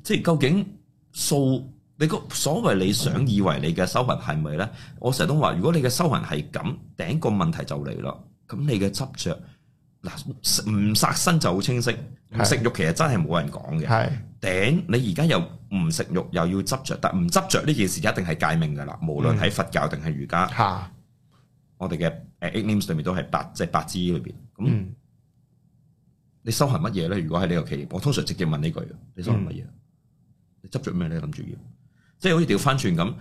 即係究竟素你個所謂你想以為你嘅修行係咪呢？我成日都話，如果你嘅修行係咁，頂個問題就嚟啦。咁你嘅執着，嗱唔殺身就好清晰。唔食肉其實真係冇人講嘅。係頂是你而家又唔食肉，又要執着，但唔執着呢件事一定係戒命噶啦。無論喺佛教定係瑜伽。我哋嘅誒 eight names 對面都係八即係、就是、八支裏邊，咁你修行乜嘢咧？如果喺呢個企業，我通常直接問呢句：你修行乜嘢？嗯、你執著咩咧？諗住要，即係好似調翻轉咁。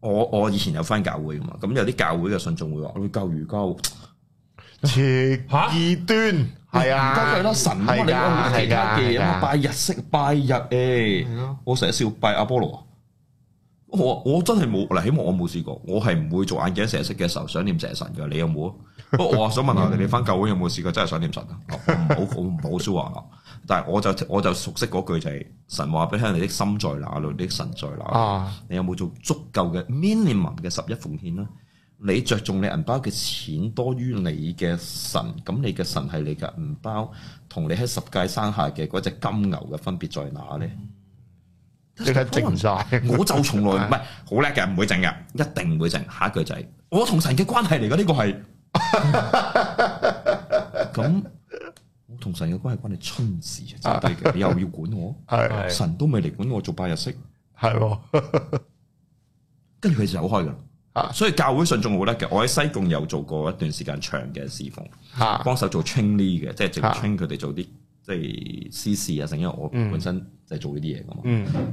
我我以前有翻教會噶嘛，咁有啲教會嘅信眾會話：嗯、我教瑜伽，切二端係蛤啊！唔該曬啦，神係啊！係㗎、啊啊啊啊啊啊，拜日式拜日誒，欸啊、我成日笑拜阿波羅。我我真係冇嗱，希望我冇試過，我係唔會做眼鏡蛇式嘅時候想念蛇神噶。你有冇？ 不過我話想問下你，你翻教會有冇試過真係想念神啊？唔好唔好說話。但係我就我就熟悉嗰句就係神話俾聽，你的心在哪度？你的神在哪？你有冇做足夠嘅 minimum 嘅十一奉獻呢？你着重你銀包嘅錢多於你嘅神，咁你嘅神係你嘅銀包，同你喺十界山下嘅嗰隻金牛嘅分別在哪呢？你係整唔晒？ 我就從來唔係好叻嘅，唔會整嘅，一定唔會整。下一句仔，我同神嘅關係嚟嘅，呢個係咁，我同神嘅關係關你春事啊！ 你又要管我？係、 啊、神都未嚟管我做拜日式，係，跟住佢就走開噶。 所以教會信眾好叻嘅，我喺西貢有做過一段時間長嘅侍奉，幫手做 training 嘅，即係整 training 佢哋做啲。即係私事啊，正因為我本身就係做呢啲嘢噶嘛，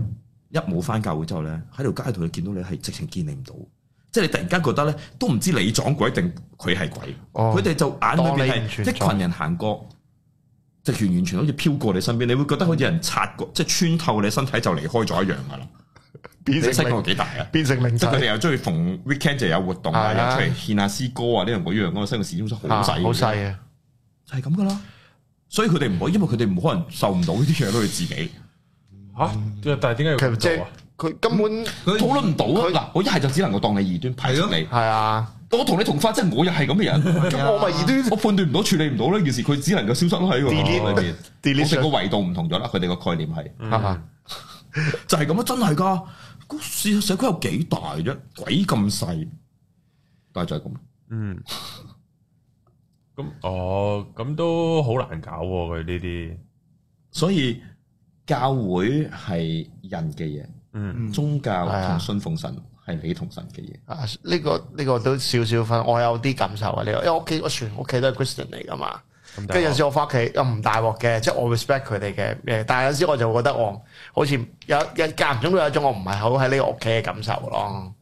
一冇翻教會之後咧，喺條街度你見到你係直情見你唔到，即係你突然間覺得咧，都唔知你撞鬼定佢係鬼，佢哋就眼裏邊係一群人行過，即完完全好似飄過你身邊，你會覺得好似有人擦過，即係穿透你身體就離開咗一樣噶啦。變成細個幾大啊？變成零七，即係佢哋又中意逢 weekend 就有活動啊，出嚟獻下詩歌啊，呢樣嗰樣咁啊，身個市中心好細，好細啊，就係咁噶啦。所以佢哋唔可以，因為佢哋唔可能受唔到呢啲嘢喺佢自己吓。但係點解要做啊？佢根本討論唔到嗱，我一係就只能夠當你二端，批咗你。係啊，我同你同化，即係我又係咁嘅人，我咪二端。我判斷唔到，處理唔到呢件事，佢只能夠消失喺度。dial 唔係啲 d i 個維度唔同咗啦。佢哋個概念係，就係咁啊！真係噶，個社區有幾大啫？鬼咁細，但係就係咁。嗯。咁哦，咁都好難搞喎佢呢啲，所以教會係人嘅嘢，嗯，嗯，宗教同信奉神係你同神嘅嘢。啊，呢個呢個都少少分，我有啲感受啊。呢，因為我屋企我全屋企都係 Christian 嚟噶嘛，跟住有陣時我翻屋企，又唔大鑊嘅，即係我 respect 佢哋嘅。誒，但係有陣時我就覺得我好似有有間唔中都有一種我唔係好喺呢個屋企嘅感受咯。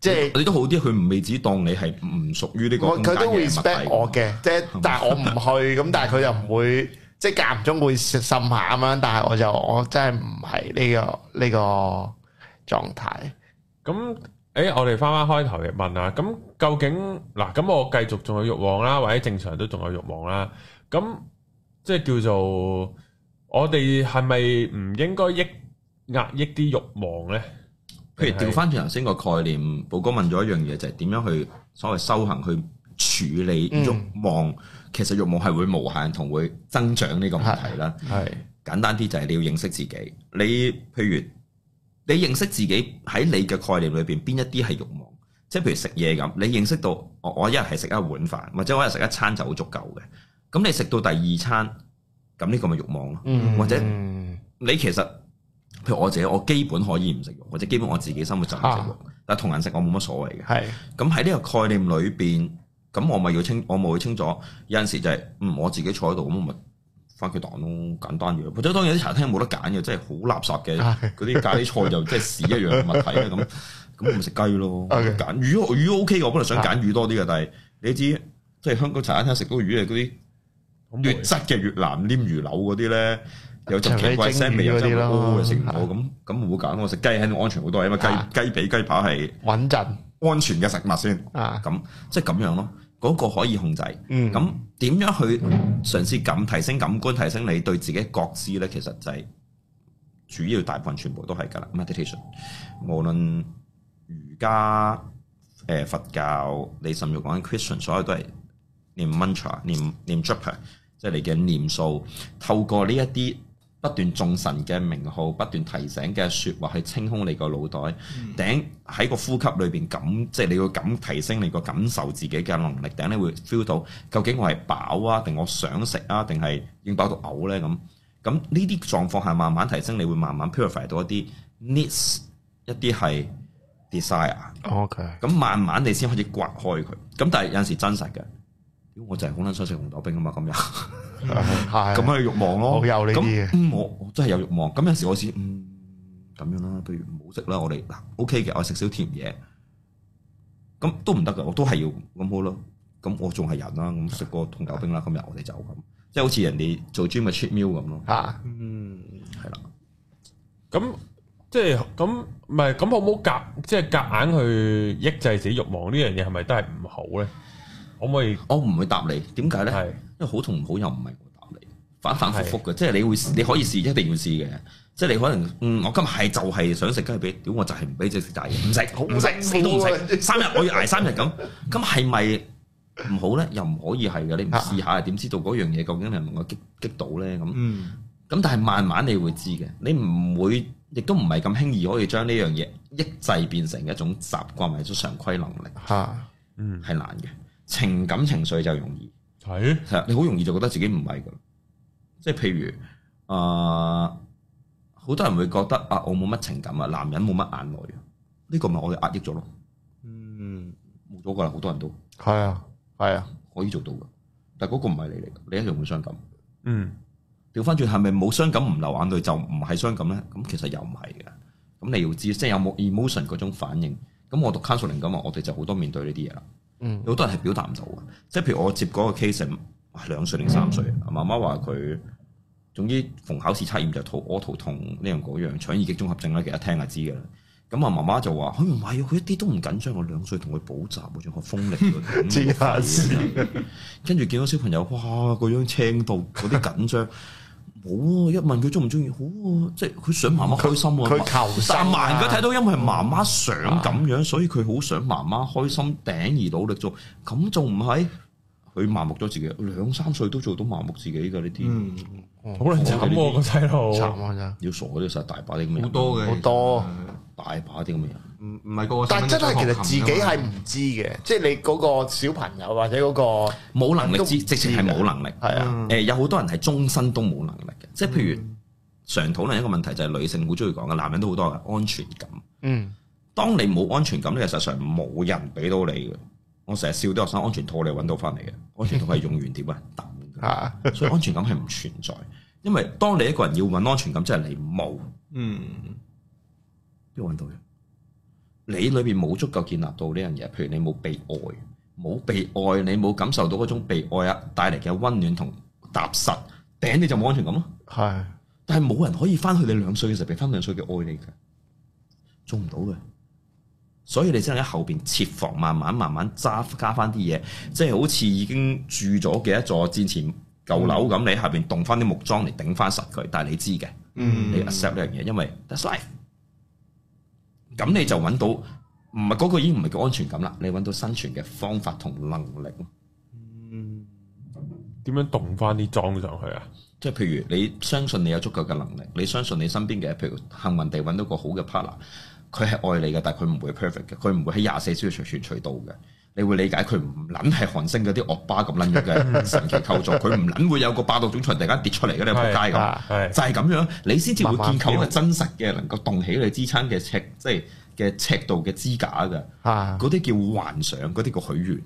即係、就是、你都好啲，佢唔未只當你係唔屬於呢個框架，佢都 respect 吧我嘅，即係但係我唔去，咁但係佢又唔會， 即係間唔中會滲，滲下咁樣。但係我就我真係唔係呢個呢、呢個狀態。咁誒、欸，我哋翻翻開頭嚟問啦。咁究竟嗱，咁我繼續仲有慾望啦，或者正常都仲有慾望啦。咁即係叫做我哋係咪唔應該抑壓抑啲慾望咧？譬如調翻轉頭先個概念，寶哥問咗一樣嘢，就係、係、點樣去所謂修行去處理慾望。嗯、其實慾望係會無限同會增長呢個問題啦。係簡單啲就係你要認識自己。你譬如你認識自己喺你嘅概念裏邊，邊一啲係慾望？即係譬如食嘢咁，你認識到我我一日係食一碗飯，或者我一日食一餐就好足夠嘅。咁你食到第二餐，咁呢個咪慾望咯？嗯、或者你其實譬如我自己，我基本可以唔食肉，或者基本我自己生活就唔食肉，但係同人食我冇乜所謂嘅。係咁喺呢個概念裏邊，咁我咪要清，我咪要清楚。有陣時就係嗯，我自己坐喺度咁，我咪番茄蛋咯，簡單嘅。或者當有啲茶廳冇得揀嘅，真係好垃圾嘅嗰啲咖喱菜，就即係屎一樣嘅物體咧。咁咁唔食雞咯，揀魚魚 OK 嘅，我本嚟想揀魚多啲嘅，但係你知即係香港茶餐廳食到個魚嗰啲越質嘅越南鯰魚柳嗰啲咧。有種奇怪腥味，有真係屙又食唔到，咁咁冇揀咯，食雞肯定安全好多，因為雞、啊、雞髀腿雞排係穩陣、安全嘅食物先啊。咁即係咁樣咯，嗰、嗰個可以控制。咁點、嗯、樣去嘗試感提升感官、提升你對自己嘅覺知咧？其實就係主要大部分全部都係噶啦。Meditation，無論瑜伽、誒佛教，你甚至講緊 Christian，所有都係念 mantra 念、念唸 japa，即係你嘅念數。透過呢一啲。不斷眾神嘅名號，不斷提醒嘅説話去清空你個腦袋。頂喺、嗯、個呼吸裏邊感，即係你要感提升你個感受自己嘅能力。頂你會 feel 到究竟我係飽啊，定我想食啊，定係應飽到嘔呢？咁。咁呢啲狀況係慢慢提升，你會慢慢 purify 到一啲 needs，一啲係 desire。OK，咁慢慢你先可以刮開佢。咁但係有陣時真實嘅，我就係好撚想食紅豆冰啊嘛，今日。咁啊，嗯、慾望咯，咁、嗯、我，我真係有慾望。咁有時我先咁、嗯、樣啦，譬如唔好食啦。我哋嗱，O K 嘅，我食少甜嘢，咁都唔得噶。我都係要咁好咯。咁我仲係人啦，咁食個通狗冰啦。今日我哋就咁，即係好似人哋做 gym 嘅 cheap meal 咁咯。嚇、啊，嗯，係啦的。咁即係咁，唔係咁好冇夾，即係夾硬去抑制自己慾望樣是是是呢樣嘢，係咪都係唔好咧？可唔可以？我唔、哦、會答你，點解咧？是因為好同唔好又唔係我答你，反反复复嘅。是即係你會，嗯、你可以試，一定要試嘅。即係你可能，嗯，我今日係就係想食雞髀，屌我就係唔俾只食大嘢，唔食，好唔食，死 都唔食，三日我要捱三日咁。咁係咪唔好咧？又唔可以係嘅，你唔試下，點、啊、知道嗰樣嘢究竟係唔能夠激激到咧？咁，咁、嗯、但係慢慢你會知嘅，你唔會，亦都唔係咁輕易可以將呢樣嘢抑制變成一種習慣，或、就、者、是、常規能力。吓，嗯，係難嘅。情感情緒就容易係，係你好容易就覺得自己唔係噶，即係譬如啊，呃，好多人會覺得啊，我冇乜情感啊，男人冇乜眼淚啊，呢個咪我哋壓抑咗咯，嗯，冇咗個啦，好多人都係啊，係啊，可以做到噶，但係嗰個唔係你嚟，你一樣會傷感，嗯，調翻轉係咪冇傷感唔流眼淚就唔係傷感咧？咁其實又唔係嘅，咁你要知即係有冇 emotion 嗰種反應，咁我讀 counseling 咁啊，我哋就好多面對呢啲嘢啦。嗯，有好多人係表達唔到嘅，即係譬如我接嗰個 case 係兩歲定三歲，媽媽話佢總之逢考試測驗就肚屙肚痛呢樣嗰樣，腸易激綜合症咧，其實一聽就知嘅。咁啊，媽媽就話：佢唔係啊，佢一啲都唔緊張。我兩歲同佢補習，仲好風力，知啦。跟住見到小朋友，哇，嗰樣青到，嗰啲緊張。 好啊！一問佢鍾唔鍾意，好啊！即係佢想媽媽開心啊！佢、嗯、求生、啊，佢睇到因為媽媽想咁樣，嗯、所以佢好想媽媽開心，頂而努力做，咁做唔係？佢麻木咗自己，兩三歲都做到麻木自己嘅呢啲，好慘喎個細路，慘啊！要傻啲曬，真係大把啲咁嘅人，好多嘅，好多大把啲咁嘅人。唔唔係個，但真係其實自己係唔知嘅，即係你嗰個小朋友或者嗰個冇能力知，直接係冇能力，係啊。誒，有好多人係終身都冇能力嘅，即係譬如常討論一個問題就係女性好中意講嘅，男人都好多嘅安全感。嗯，當你冇安全感咧，事實上冇人俾到你嘅。我成日笑都學生安全套，你揾到翻嚟嘅？安全套係用完點啊？等，所以安全感係唔存在。因為當你一個人要揾安全感，即係你冇。嗯，邊度揾到嘅？你裏邊冇足夠建立到呢樣嘢，譬如你冇被愛，冇被愛，你冇感受到嗰種被愛啊，帶嚟嘅溫暖同踏實，頂你就冇安全感咯。係，是的 但係冇人可以翻去你兩歲嘅時候，俾翻兩歲嘅愛你嘅，做唔到嘅。所以你只能喺後邊設防，慢慢慢慢揸加翻啲嘢，即係好似已經住咗嘅一座戰前舊樓咁，你喺下邊動翻啲木樁嚟頂翻實佢。但係你知嘅，嗯、你 accept 呢樣嘢，因為 that's life。咁你就揾到唔係嗰個已經唔係個安全感啦，你揾到生存嘅方法同能力。嗯，點樣動翻啲樁上去啊？即係譬如你相信你有足夠嘅能力，你相信你身邊嘅，譬如幸運地揾到個好嘅 partner。佢係愛你嘅，但係佢唔會 perfect 嘅，佢唔會喺廿四小時隨傳隨到嘅。你會理解佢唔撚係韓星嗰啲惡霸咁撚嘅神奇構造，佢唔撚會有個霸道總裁突然間跌出嚟嘅你仆街咁，就係、是、咁樣，你先至會建構真實嘅能夠動起你支撐嘅尺即係嘅尺度嘅支架嘅。嗰啲叫幻想，嗰啲叫許願，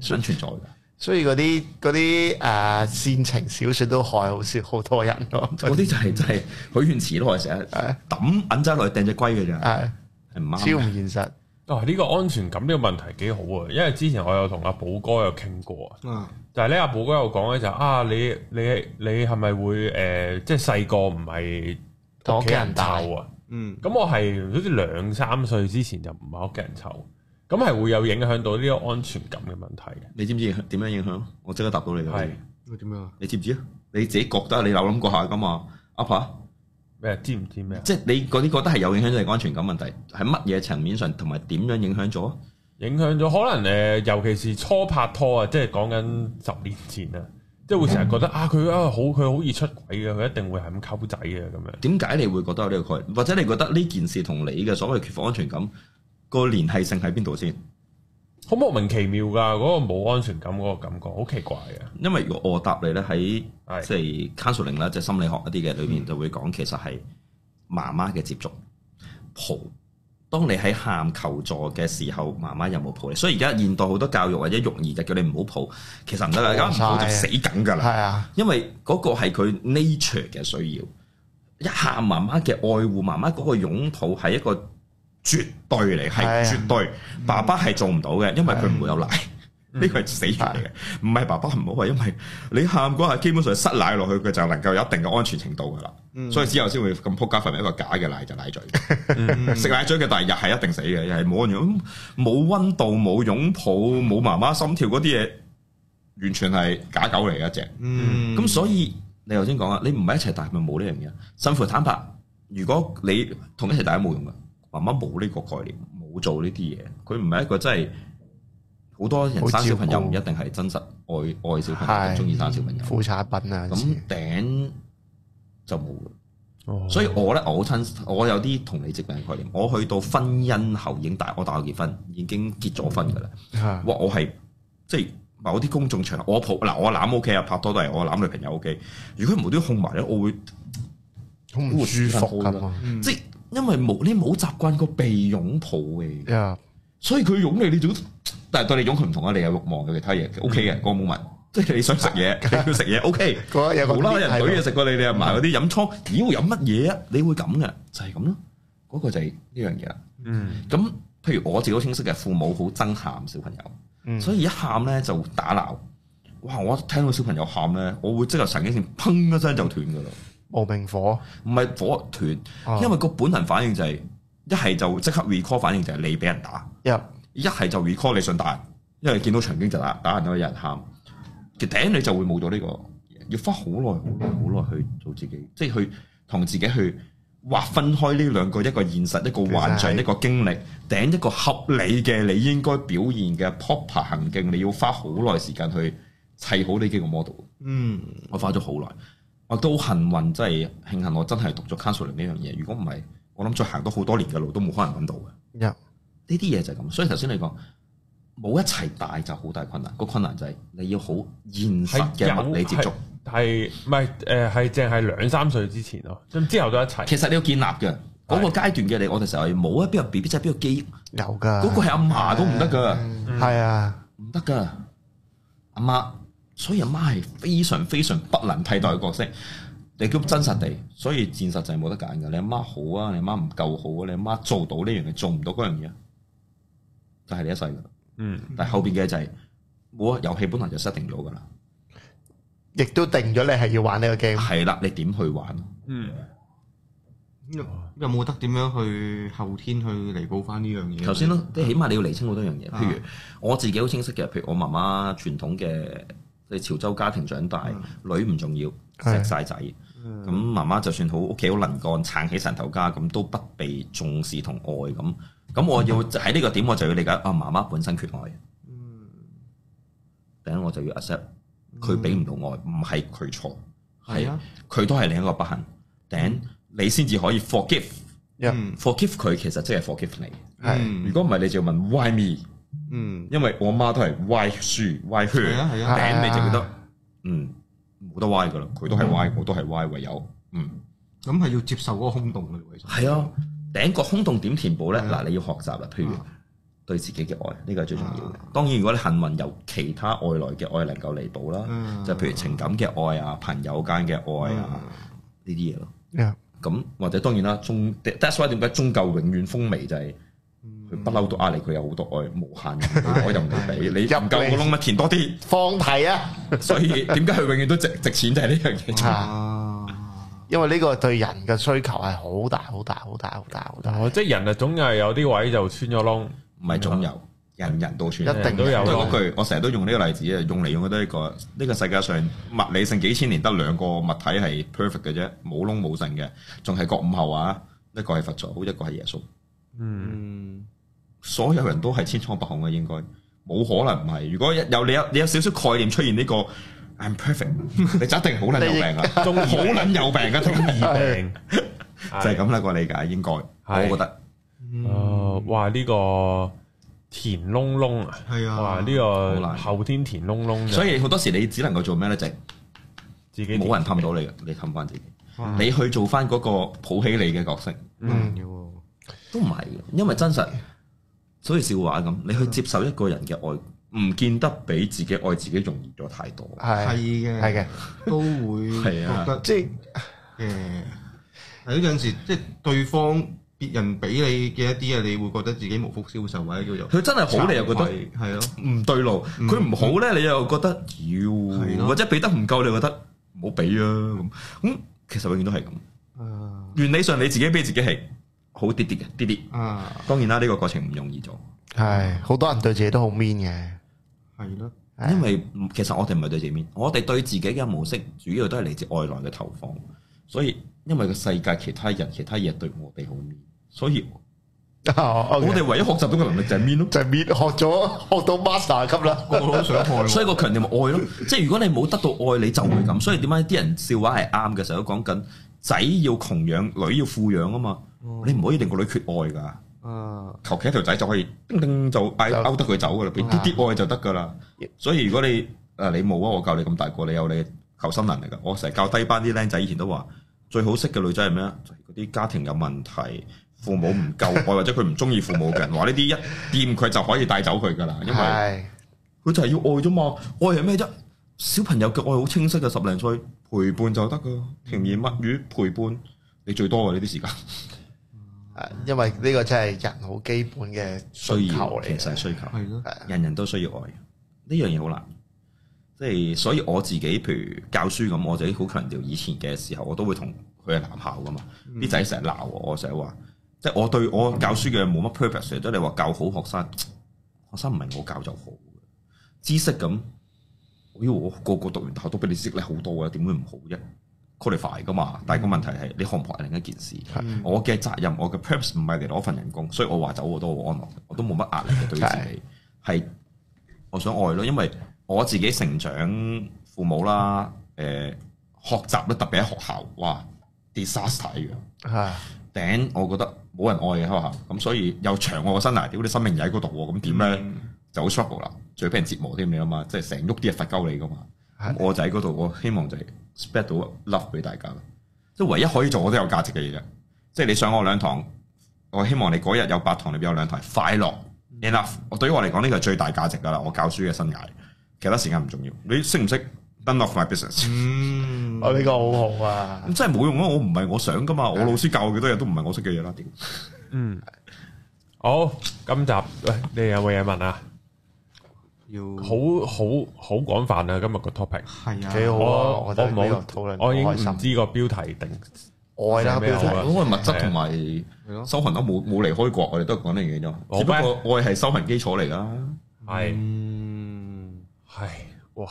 想存在㗎。所以嗰啲啲誒煽情小説都害好少好多人咯，嗰 啲 就係、是、就係、是、許願池咯，成日抌銀仔落去掟隻龜嘅啫，啊、超唔現實。哦，呢、呢個安全感呢個問題幾好啊，因為之前我有同阿寶哥有傾過、嗯是是呃、啊，但係呢阿寶哥有講咧就啊，你你你係咪會誒，即係細個唔係同屋企人湊啊？嗯，咁我係好似兩三歲之前就唔係屋企人湊。咁係會有影響到呢個安全感嘅問題嘅。你知唔知點樣影響？我即刻答到你。係點樣？你知唔知啊？你自己覺得你扭諗過下噶嘛？阿婆咩？知唔知咩？即係你嗰啲覺得係有影響咗你安全感問題，喺乜嘢層面上同埋點樣影響咗？影響咗，可能誒，尤其是初拍拖會會、嗯、啊，即係講緊十年前啊，即係會成日覺得啊，佢啊好，佢好易出軌嘅，佢一定會係咁溝仔嘅咁樣。點解你會覺得有呢個概念？或者你覺得呢件事同你嘅所謂缺乏安全感？連繫可可那個連繫性喺邊度先？好莫名其妙噶，嗰個冇安全感嗰個感覺，好奇怪啊。因為如果我答你咧，喺即係 counseling 啦，即係心理學一啲嘅裏面、嗯、就會講，其實係媽媽嘅接觸抱。當你喺喊求助嘅時候，媽媽有冇抱你？所以而家現代好多教育或者育兒就叫你唔好抱，其實唔得啦，咁唔抱，了抱就死緊噶啦。係啊的，因為嗰個係佢 nature 嘅需要，一喊媽媽嘅愛護，媽媽嗰個擁抱係一個。絕對嚟係絕對，爸爸係做唔到嘅，因為佢唔會有奶，呢個係死絕嚟嘅，唔係、嗯、爸爸唔好話。因為你喊嗰下基本上塞奶落去，佢就能夠有一定嘅安全程度噶啦，嗯、所以之後先會咁扑街，份係一個假嘅奶就是、奶嘴，食、嗯、奶嘴嘅第日係一定死嘅，又係冇温暖、冇温度、冇擁抱、冇媽媽心跳嗰啲嘢，完全係假狗嚟嘅一隻。嗯，咁、嗯、所以你頭先講啊，你唔係一齊大咪冇呢樣嘢，辛苦坦白。如果你同一齊大都冇用噶。媽媽冇呢個概念，冇做呢啲嘢，佢唔係一個真係好多人生小朋友唔一定係真實愛愛小朋友，中意生小朋友副產品啊，咁頂就冇。哦、所以我呢，我親，我有啲同你截嘅概念。我去到婚姻後已經大，我大學結婚已經結咗婚噶啦。的哇，我係即係某啲公眾場合，我抱嗱我攬 O K 啊，拍拖都係我攬女朋友 O K。如果佢冇啲控埋咧，我會好唔舒服即因為冇你冇習慣過被擁抱嘅，Yeah. 所以佢擁抱你做。但係對你擁佢唔同啊！你有慾望嘅其他嘢，O K 嘅，我冇問，即係你想食嘢， 你要食嘢，O K。我、OK, 有 人懟嘢食過你？ 你阿嫲嗰啲飲湯，咦？我飲乜嘢啊？你會咁嘅，就係咁咯。嗰、那個就係呢樣嘢啦。嗯，咁譬如我自己好清晰嘅，父母好憎喊小朋友，mm. 所以一喊咧就打鬧。哇！我聽到小朋友喊咧，我會即刻神經線砰一聲就斷噶啦。無明火，唔係火團，團啊、因為個本能反應就係、是、一係就即刻 recall 反應就係你俾人打，Yep. 一一係就 recall 你想打人，因為見到場景就打，打人都有人喊，其頂你就會冇咗呢個，要花好耐好耐好耐去做自己，嗯、即係去同自己去劃分開呢兩個一個現實一個幻象一個經歷，頂一個合理嘅你應該表現嘅 proper 行徑，你要花好耐時間去砌好呢幾個 model。嗯，我花咗好耐。我都幸運，真係慶幸我真係讀咗 counseling 呢樣嘢。如果唔係，我諗再行咗好多年嘅路，都冇可能揾到嘅。呢啲嘢就係咁。所以頭先你講冇一齊大、那個、就好大困難，個困難就係你要好現實嘅物理接觸。係唔係？誒係淨係兩三歲之前咯、啊，之後都一齊。其實你要建立嘅嗰、那個階段嘅你，我哋成日話冇啊，邊個 B B 即係邊個記？有㗎。嗰個係阿嫲都唔得㗎，係啊，唔得㗎，阿媽。所以阿媽係非常非常不能替代嘅角色，你叫真實地，所以現實就係冇得揀嘅。你阿媽，媽好啊，你阿媽唔夠好啊，你阿媽，媽做到呢樣嘢，做唔到嗰樣嘢，就係、是、你一世嘅。嗯。但後邊嘅就係冇啊，遊戲本來就 set 定咗嘅啦，亦都定咗你係要玩呢個 game。係啦，你點去玩？嗯。有冇得點樣去後天去彌補翻呢樣嘢？頭先咯，即起碼你要釐清好多樣嘢。譬如、啊、我自己好清晰嘅，譬如我媽媽傳統嘅。你潮州家庭長大，嗯、女唔重要，錫晒的仔。咁、嗯、媽媽就算好屋企好能幹，撐起神頭家，咁都不被重視同愛咁。咁我要喺呢個點，我就要理解啊、哦，媽媽本身缺愛。嗯，頂我就要 accept，佢俾唔到愛，唔係佢錯，係佢的都係另一個不幸。頂你先至可以 forgive，forgive、嗯、佢其實即係 forgive 你。係、嗯，嗯、如果唔係你就要問 why me？嗯，因為我媽都係歪書歪血，頂你就係得，嗯，冇得歪噶啦，佢都係歪、嗯，我都係歪，唯有嗯，咁係要接受嗰個空洞嘅，係啊，頂個空洞點填補咧？嗱，你要學習啦，譬如對自己嘅愛，呢、呢個係最重要嘅。Uh. 當然，如果你幸運有其他外來嘅愛能夠彌補啦，就譬如情感嘅愛啊，朋友間嘅愛啊，呢啲嘢咯。咁、yeah、或者當然啦，終，that's why 點解宗教永遠風靡就係。慢慢不嬲、嗯、都壓力，佢有好多愛無限， 我又唔嚟俾你唔夠個窿咪填多啲放題啊！ 所以點解佢永遠都值值錢就係呢樣嘢。因為呢個對人嘅需求係好大、好大、好大、好大、好大。哦、即係人啊，總係有啲位就穿咗窿，唔係總有，嗯、人人都穿一定都有。嗰句，嗯、我成日都用呢個例子啊，用嚟用去都係個呢、呢個世界上物理性幾千年得兩個物體係 perfect 嘅啫，冇窿冇剩嘅，仲係個五後啊，一個係佛祖，一個係耶穌，嗯。所有人都係千瘡百孔嘅，應該冇可能唔係。如果有你有你有少少概念出現呢個，I'm perfect，你就一定好撚有病啊！仲好撚有病啊！中二病就係咁啦，個理解應該，我覺得。誒，哇！呢個田窿窿啊，係啊，哇！呢個後天田窿窿，所以好多時你只能夠做咩咧？就自己冇人氹到你嘅，你氹翻自己，你去做翻嗰個抱起你嘅角色。唔要，都唔係，因為真實。所以笑話咁，你去接受一個人嘅愛，唔見得比自己愛自己容易咗太多。係嘅的，係嘅 的，都會覺得啊，即係誒，有陣時即係、就是、對方別人俾你嘅一啲嘢，你會覺得自己無福消受或者叫做佢 真係好，你又覺得係咯唔對路；佢唔好咧，你又覺得妖，或者俾得唔夠，你覺得冇俾啊咁。咁、嗯、其實永遠都係咁。原理上你自己俾自己係。好啲啲嘅，啲啲。啊！當然啦，呢、這個過程唔容易做，係好多人對自己都好 mean 嘅，係咯的。因為其實我哋唔係對自己 mean，我哋對自己嘅模式主要都係嚟自外來嘅投放，所以因為個世界其他人其他嘢對我哋好 mean，所以、啊、okay，我哋唯一學習到嘅能力就係 mean 咯，就係 mean 學咗學到 master 級啦，我都想學。所以個強調咪愛咯， 即係如果你冇得到愛，你就會咁。嗯、所以點解啲人笑話係啱嘅，時候都講緊。仔要窮養，女要富養啊嘛！嗯、你唔可以令個女缺愛噶。求其、嗯、一條仔就可以，叮叮就嗌勾得佢走噶啦，俾啲啲愛就得噶啦。嗯、所以如果你誒、啊、你冇啊，我教你咁大個，你有你嘅求生能力噶。我成日教低班啲僆仔，以前都話最好識嘅女仔係咩啊？嗰、就、啲、是、家庭有問題，父母唔夠愛，或者佢唔中意父母嘅人。」話呢啲一掂佢就可以帶走佢噶啦，因為佢就係要愛啫嘛。愛係咩啫？ 小朋友嘅愛好清晰嘅，十零歲陪伴就得噶，甜言蜜語陪伴你最多嘅呢啲時間，因為呢個真係人好基本嘅需求嚟，其實係需求，係咯，人人都需要愛，呢樣嘢好難。即係所以我自己譬如教書咁，我自己好強調以前嘅時候，我都會同佢係男校噶嘛，啲仔成日鬧我，成日話，即係我對我教書嘅冇乜 purpose，除咗你話教好學生，學生唔係我教就好知識咁。咦、哎！我個個讀完大學都比你識你好多啊，點會唔好啫？qualify 噶嘛？但係個問題係你學唔學係另一件事。嗯、我嘅責任，我嘅 purpose 唔係嚟攞份人工，所以我話走我都好安樂，我都冇乜壓力對住你。係的我想愛咯，因為我自己成長父母啦，誒、呃、學習都特別喺學校哇，disaster 一樣。頂，唉 Then, 我覺得冇人愛嘅學校，咁所以又長我個身啊！屌，你生命又喺嗰度，咁點咧？嗯就好 trouble 啦，仲要俾人折磨添你啊嘛，即係成喐啲人罰鳩你噶嘛。的我就喺嗰度，我希望就 spread 到 love 俾大家。即係唯一可以做我都有價值嘅嘢啫。即係你上我兩堂，我希望你嗰日有八堂，裏邊有兩堂快樂、嗯、enough。我對於我嚟講，呢個係最大價值噶啦。我教書嘅生涯，其他時間唔重要。你識唔識 donate my business？嗯哦，我呢個好好啊。咁真係冇用啊！我唔係我想噶嘛，我老師教我幾多嘢都唔係我識嘅嘢啦。點？嗯，好。今集喂，你有冇嘢問啊？要好好好廣泛啊！今日個 topic 係啊，我我冇討論，我已經唔知個標題定愛啦，標題，因為物質同埋修行都冇冇離開過，我哋都係講呢樣嘢啫。只不過愛係修行基礎嚟啦。係係哇，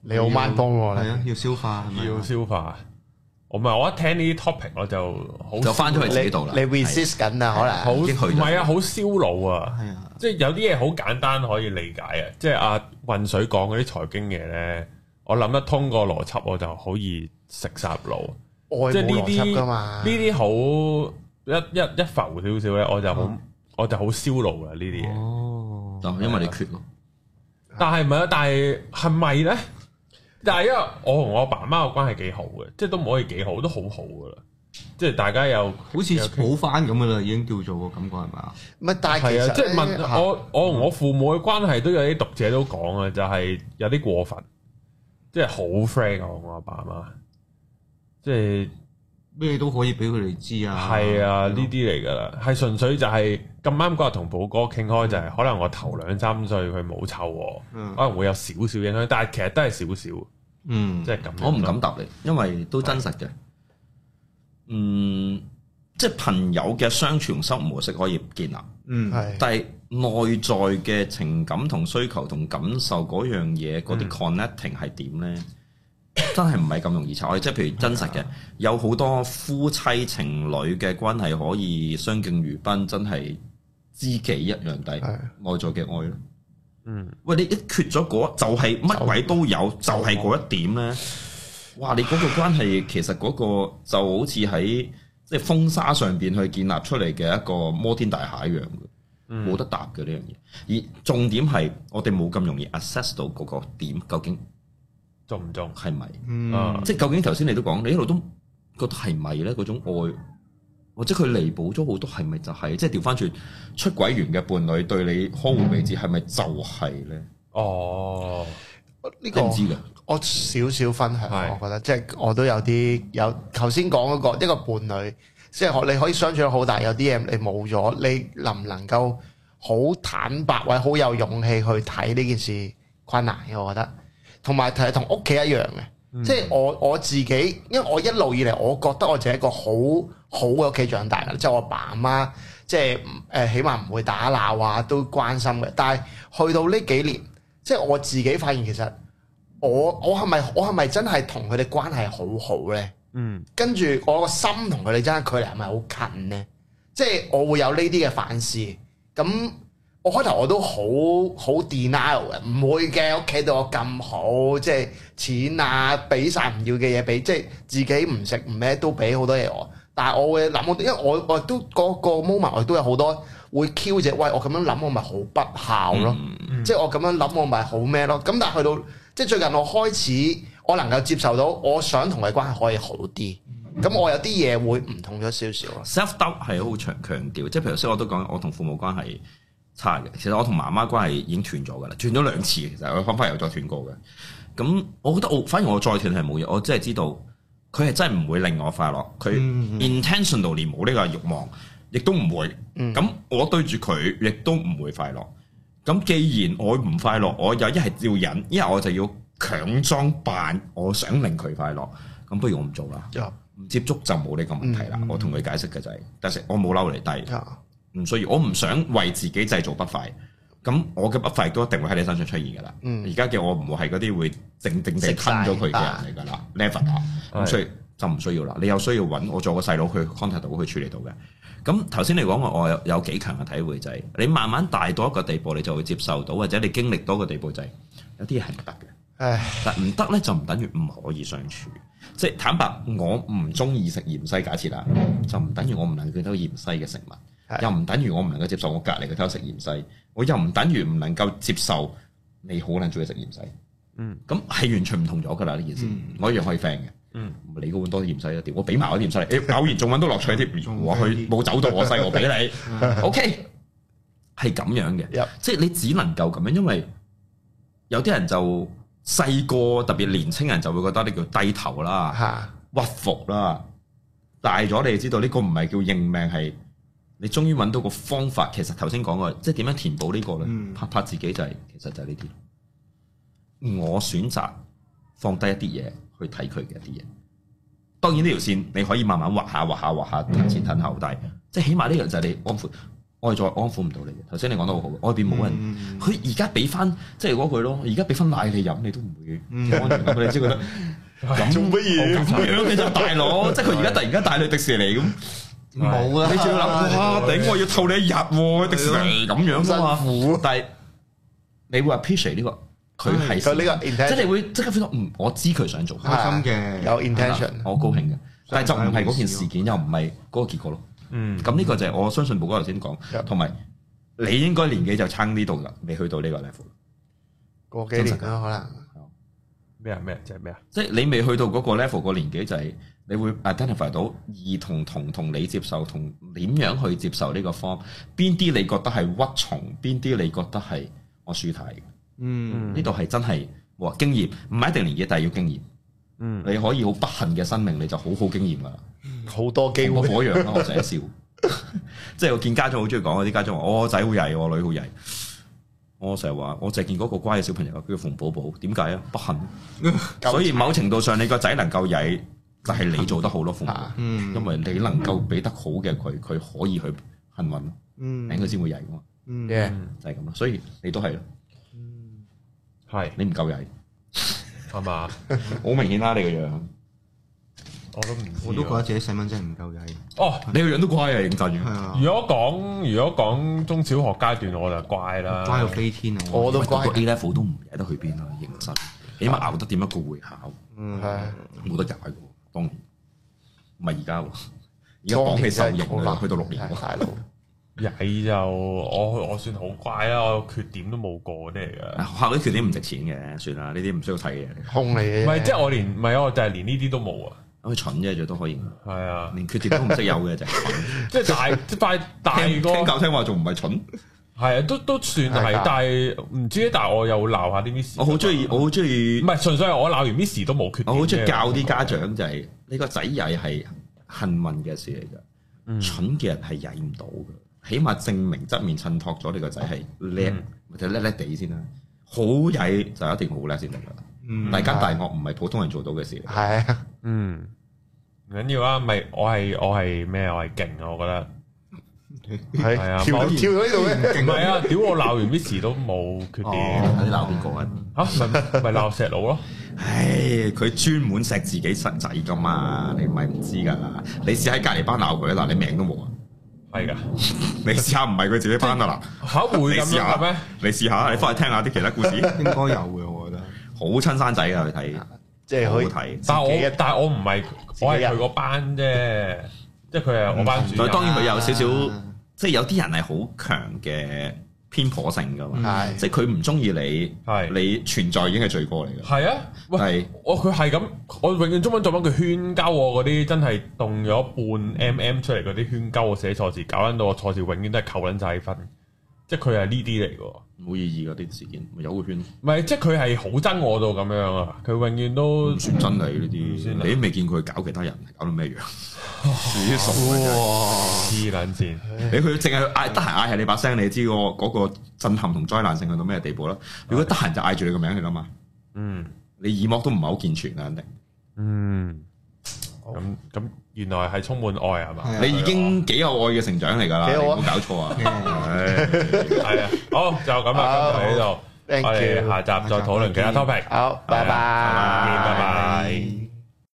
你好慢波喎，係啊，要消化，要消化。我唔係，我一聽呢啲 topic，我就好就翻咗去自己度啦。你 resist 緊啊，可能已唔係啊，好燒腦啊。即係有啲嘢好簡單可以理解啊！即係阿渾水講嗰啲財經嘢咧，我諗得通過邏輯，我就好易食煞腦。即係呢啲呢啲好一一一浮少少咧，我就好我就好燒腦啊！呢啲嘢哦，因為你缺咯的。但係唔係啊？的但係係咪咧？但係因為我同我爸媽嘅關係幾好嘅，即係都唔可以幾好，都好好噶啦。即係大家又好似補翻咁嘅啦，已經叫做個感覺係咪係，但係其實即係問我，我同我父母嘅關係都有啲讀者都講啊，就係有啲過分，即係好 friend 我我阿爸阿媽，即係咩都可以俾佢哋知啊。係啊，呢啲嚟噶啦，係純粹就係咁啱嗰日同寶哥傾開就係，可能我頭兩三歲佢冇湊，可能會有少少影響，但係其實都係少少。嗯，即係咁，我唔敢答你，因為都真實嘅。嗯，即係朋友嘅相處生活模式可以建立，嗯係的，但係內在嘅情感同需求同感受嗰樣嘢，嗰啲、嗯、connecting 係點呢？真係唔係咁容易拆開。 即係譬如真實嘅，的有好多夫妻情侶嘅關係可以相敬如賓，真係知己一樣低內的在嘅愛咯，嗯，喂，你一缺咗嗰，就係乜鬼都有，就係嗰一點呢。就是哇！你嗰個關係其實嗰個就好似喺即係風沙上邊去建立出嚟嘅一個摩天大廈一樣冇、嗯、得答嘅呢樣嘢。而重點係我哋冇咁容易 assess 到嗰個點究竟中唔中，係咪？是是嗯，即係究竟頭先你都講，你一路都覺得係咪咧？嗰種愛，或者佢彌補咗好多係咪就係、是？嗯、即係調翻轉出軌完嘅伴侶對你呵護未知係咪就係咧？哦。唔知噶，我少少分享，是我覺得即係我都有啲有頭先講嗰個一個伴侶，即係我你可以相處得好大，有啲嘢你冇咗，你能唔能夠好坦白或者好有勇氣去睇呢件事困難嘅？我覺得，同埋係同屋企一樣嘅，嗯、即係我我自己，因為我一路以嚟我覺得我就係一個好好嘅屋企長大嘅，即係我爸媽，即係誒、呃，起碼唔會打鬧啊，都關心嘅。但係去到呢幾年。即係我自己發現，其實我我係咪我係咪真係同佢哋關係好好呢？嗯，跟住我個心同佢哋真係距離係咪好近呢？即係我會有呢啲嘅反思。咁我開頭我都好好 denial 嘅，唔會嘅。屋企對我咁好，即係錢啊，俾晒唔要嘅嘢俾，即係自己唔食唔咩都俾好多嘢我。但係我會諗因為我我都、嗰個 moment 我都有好多。會 Q 啫。喂！我咁樣諗我咪好不孝咯。嗯、即係我咁樣諗我咪好咩咯？咁但係去到即係最近我開始，我能夠接受到，我想同佢關係可以好啲，咁我有啲嘢會唔同咗少少咯。Self doubt 係好強強調，即係譬如頭先我都講我同父母關係差嘅，其實我同媽媽關係已經斷咗㗎啦，斷咗兩次其實我，我方法又再斷過嘅。咁我覺得我反而我再斷係冇嘢，我真係知道佢係真係唔會令我快樂，佢 intentionally 冇呢個慾望。嗯嗯亦都唔會，咁我對住佢亦都唔會快樂。咁既然我唔快樂，我又一係要忍，一係我就要強裝扮，我想令佢快樂。咁不如我唔做啦，唔、嗯、接觸就冇呢個問題啦。我同佢解釋嘅就係、是，但係我冇嬲嚟低，唔、嗯、所以我唔想為自己製造不快。咁我嘅不快都一定會喺你身上出現噶啦。而家嘅我唔會係嗰啲會靜靜地吞咗佢嘅人嚟噶啦，咁所以。就唔需要啦。你有需要揾我做個細佬去 contact 到佢處理到嘅。咁頭先你講我有有幾強嘅體會就係、是，你慢慢大到一個地步，你就會接受到，或者你經歷到個地步、就是，唉 就係有啲嘢係唔得嘅。但唔得呢，就唔等於唔可以相處。即係坦白，我唔中意食芫茜，假設啦，就唔等於我唔能夠偷芫茜嘅食物，是的 又唔等於我唔能夠接受我隔籬佢偷食芫茜，我又唔等於唔能夠接受你好可能中意食芫茜。嗯，咁係完全唔同咗噶啦呢件事，嗯、我一樣可以 friend 嘅。嗯，你嗰碗多啲鹽晒一啲，我俾埋嗰啲鹽晒，你，欸、偶然仲搵到樂趣添。我去冇走到我細， 我俾你。O K，係咁樣嘅，即係你只能夠咁樣，因為有啲人就細個特別年青人就會覺得呢叫低頭啦，啊、屈服啦。大咗你就知道呢個唔係叫認命，係你終於搵到個方法。其實頭先講過，即係點樣填補呢個咧？嗯、拍拍自己就係，是，其實就係呢啲。我選擇放低一啲嘢。去睇佢嘅一啲嘢，當然呢條線你可以慢慢畫下畫下畫下，等前等後。即係起碼呢樣就係你安撫，我再安撫唔到你。嘅。頭先你講得好好，外邊冇人。佢而家俾翻，即係嗰句咯。而家俾翻奶你飲，你都唔會。嗯。咁你即係覺得做乜嘢？咁樣你就大佬，即係佢而家突然間帶你去迪士尼咁。冇啊！你仲要諗過吓頂？我要湊你入迪士尼咁樣啊嘛。但係你話 peace 呢個？佢係，即係呢個，即係你會即刻 feel 到，嗯，我知佢想做，開心嘅，有 intention，我高興嘅，但係就唔係嗰件事件，又唔係嗰個結果咯。嗯，咁呢個就係我相信寶哥頭先講，同埋你應該年紀就撐呢度啦，未去到呢個 level。過幾年啦，可能咩啊咩，即係咩啊？即係你未去到嗰個 level 個年紀，就係你會 identify 到，兒童同同你接受，同點樣去接受呢個 form？邊啲你覺得係屈從？邊啲你覺得係我舒泰？嗯，呢度係真係哇，經驗唔係一定年紀，但係要經驗。嗯，你可以好不幸嘅生命，你就好好經驗噶啦。好多經驗，我成日笑，即係我見家長好中意講啊，啲家長話我仔好曳，我女好曳。我成日話，我成日見嗰個乖嘅小朋友，叫馮寶寶，點解啊？不幸！所以某程度上你個仔能夠曳，但係你做得好咯，父母，因為你能夠俾得好嘅佢，佢可以去幸運咯，令佢先會曳噶嘛。嗯，就係咁咯，所以你都係咯。係你唔夠曳，係嘛？好明顯啦，你個樣，我都唔，我都覺得自己細蚊真係唔夠曳。哦，你個樣都乖啊，認真。如果講，如果講中小學階段我就乖啦，乖到飛天啊，我都乖，啲 level 都唔曳得去邊啊，認真，起碼熬得掂一個會考。嗯，係冇得假噶，當然唔係而家，而家講起十年啊，去到六年都。曳就我我算好乖啦，我缺點都冇個啲嚟噶。後啲缺點唔值錢嘅，算啦，呢啲唔需要睇嘅。空嚟嘅。唔係，即係我連唔係我就係連呢啲都冇啊。咁佢蠢啫，仲都可以。係啊，連缺點都唔識有嘅就係。即係大快大聽教聽話仲唔係蠢？係啊，都都算係，但係唔知。但係我又鬧下啲 miss。我好中意，我好中意。唔係純粹係我鬧完 miss 都冇缺點。我好中意教啲家長就係你個仔曳係幸運嘅事嚟噶。蠢嘅人係曳唔到嘅。起碼證明側面襯托咗你個仔係叻，或者叻叻哋先啦。好曳就一定好叻先得噶。大家大學唔係普通人做到嘅事。係啊，嗯，唔緊要啊！咪我係我係咩？我係勁啊！我覺得係啊，跳跳到呢度咧，唔係啊！屌我鬧完 miss 都冇缺點，你鬧邊個啊？嚇，咪鬧石佬咯！唉，佢專門錫自己細仔噶嘛，你咪唔知噶啦！你試喺隔離班鬧佢，嗱，你名都冇啊！係噶，你試下唔係佢自己班得啦，吓會咁咩？你試下，你翻去聽下啲其他故事，應該有嘅我覺得，好親生仔噶睇。即係好好睇。但我但係我唔係我係佢個班啫，即係佢係我班主。當然佢有少少，即係有啲人係好強嘅。偏頗性噶嘛。嗯、即係佢唔中意你，是你存在已經係罪過嚟嘅。係啊，喂，係是我佢係咁，我永遠中文作文佢圈交我嗰啲，真係動咗半 M、mm、M 出嚟嗰啲圈交。我寫錯字，搞到我錯字永遠都係扣緊仔分。即係佢係呢啲嚟嘅，冇意義嘅啲事件，咪有個圈。唔係，即係佢係好憎我到咁樣啊！佢永遠都算真理呢啲，不不你都未見佢搞其他人，搞到咩樣？至於傻，黐撚線。你佢淨係嗌得閒嗌係你把聲，你知個嗰個震撼同災難性去到咩地步啦？的如果得閒就嗌住你個名你諗下，嗯，你耳膜都唔係好健全啊，肯定。嗯。咁咁，原來係充滿愛係嘛？的吧你已經幾有愛嘅成長嚟㗎啦，冇、啊、搞錯啊！係啊，好就咁啊，今日喺呢度，oh, thank 下集再討論再其他 topic。好，拜拜對，拜拜 bye。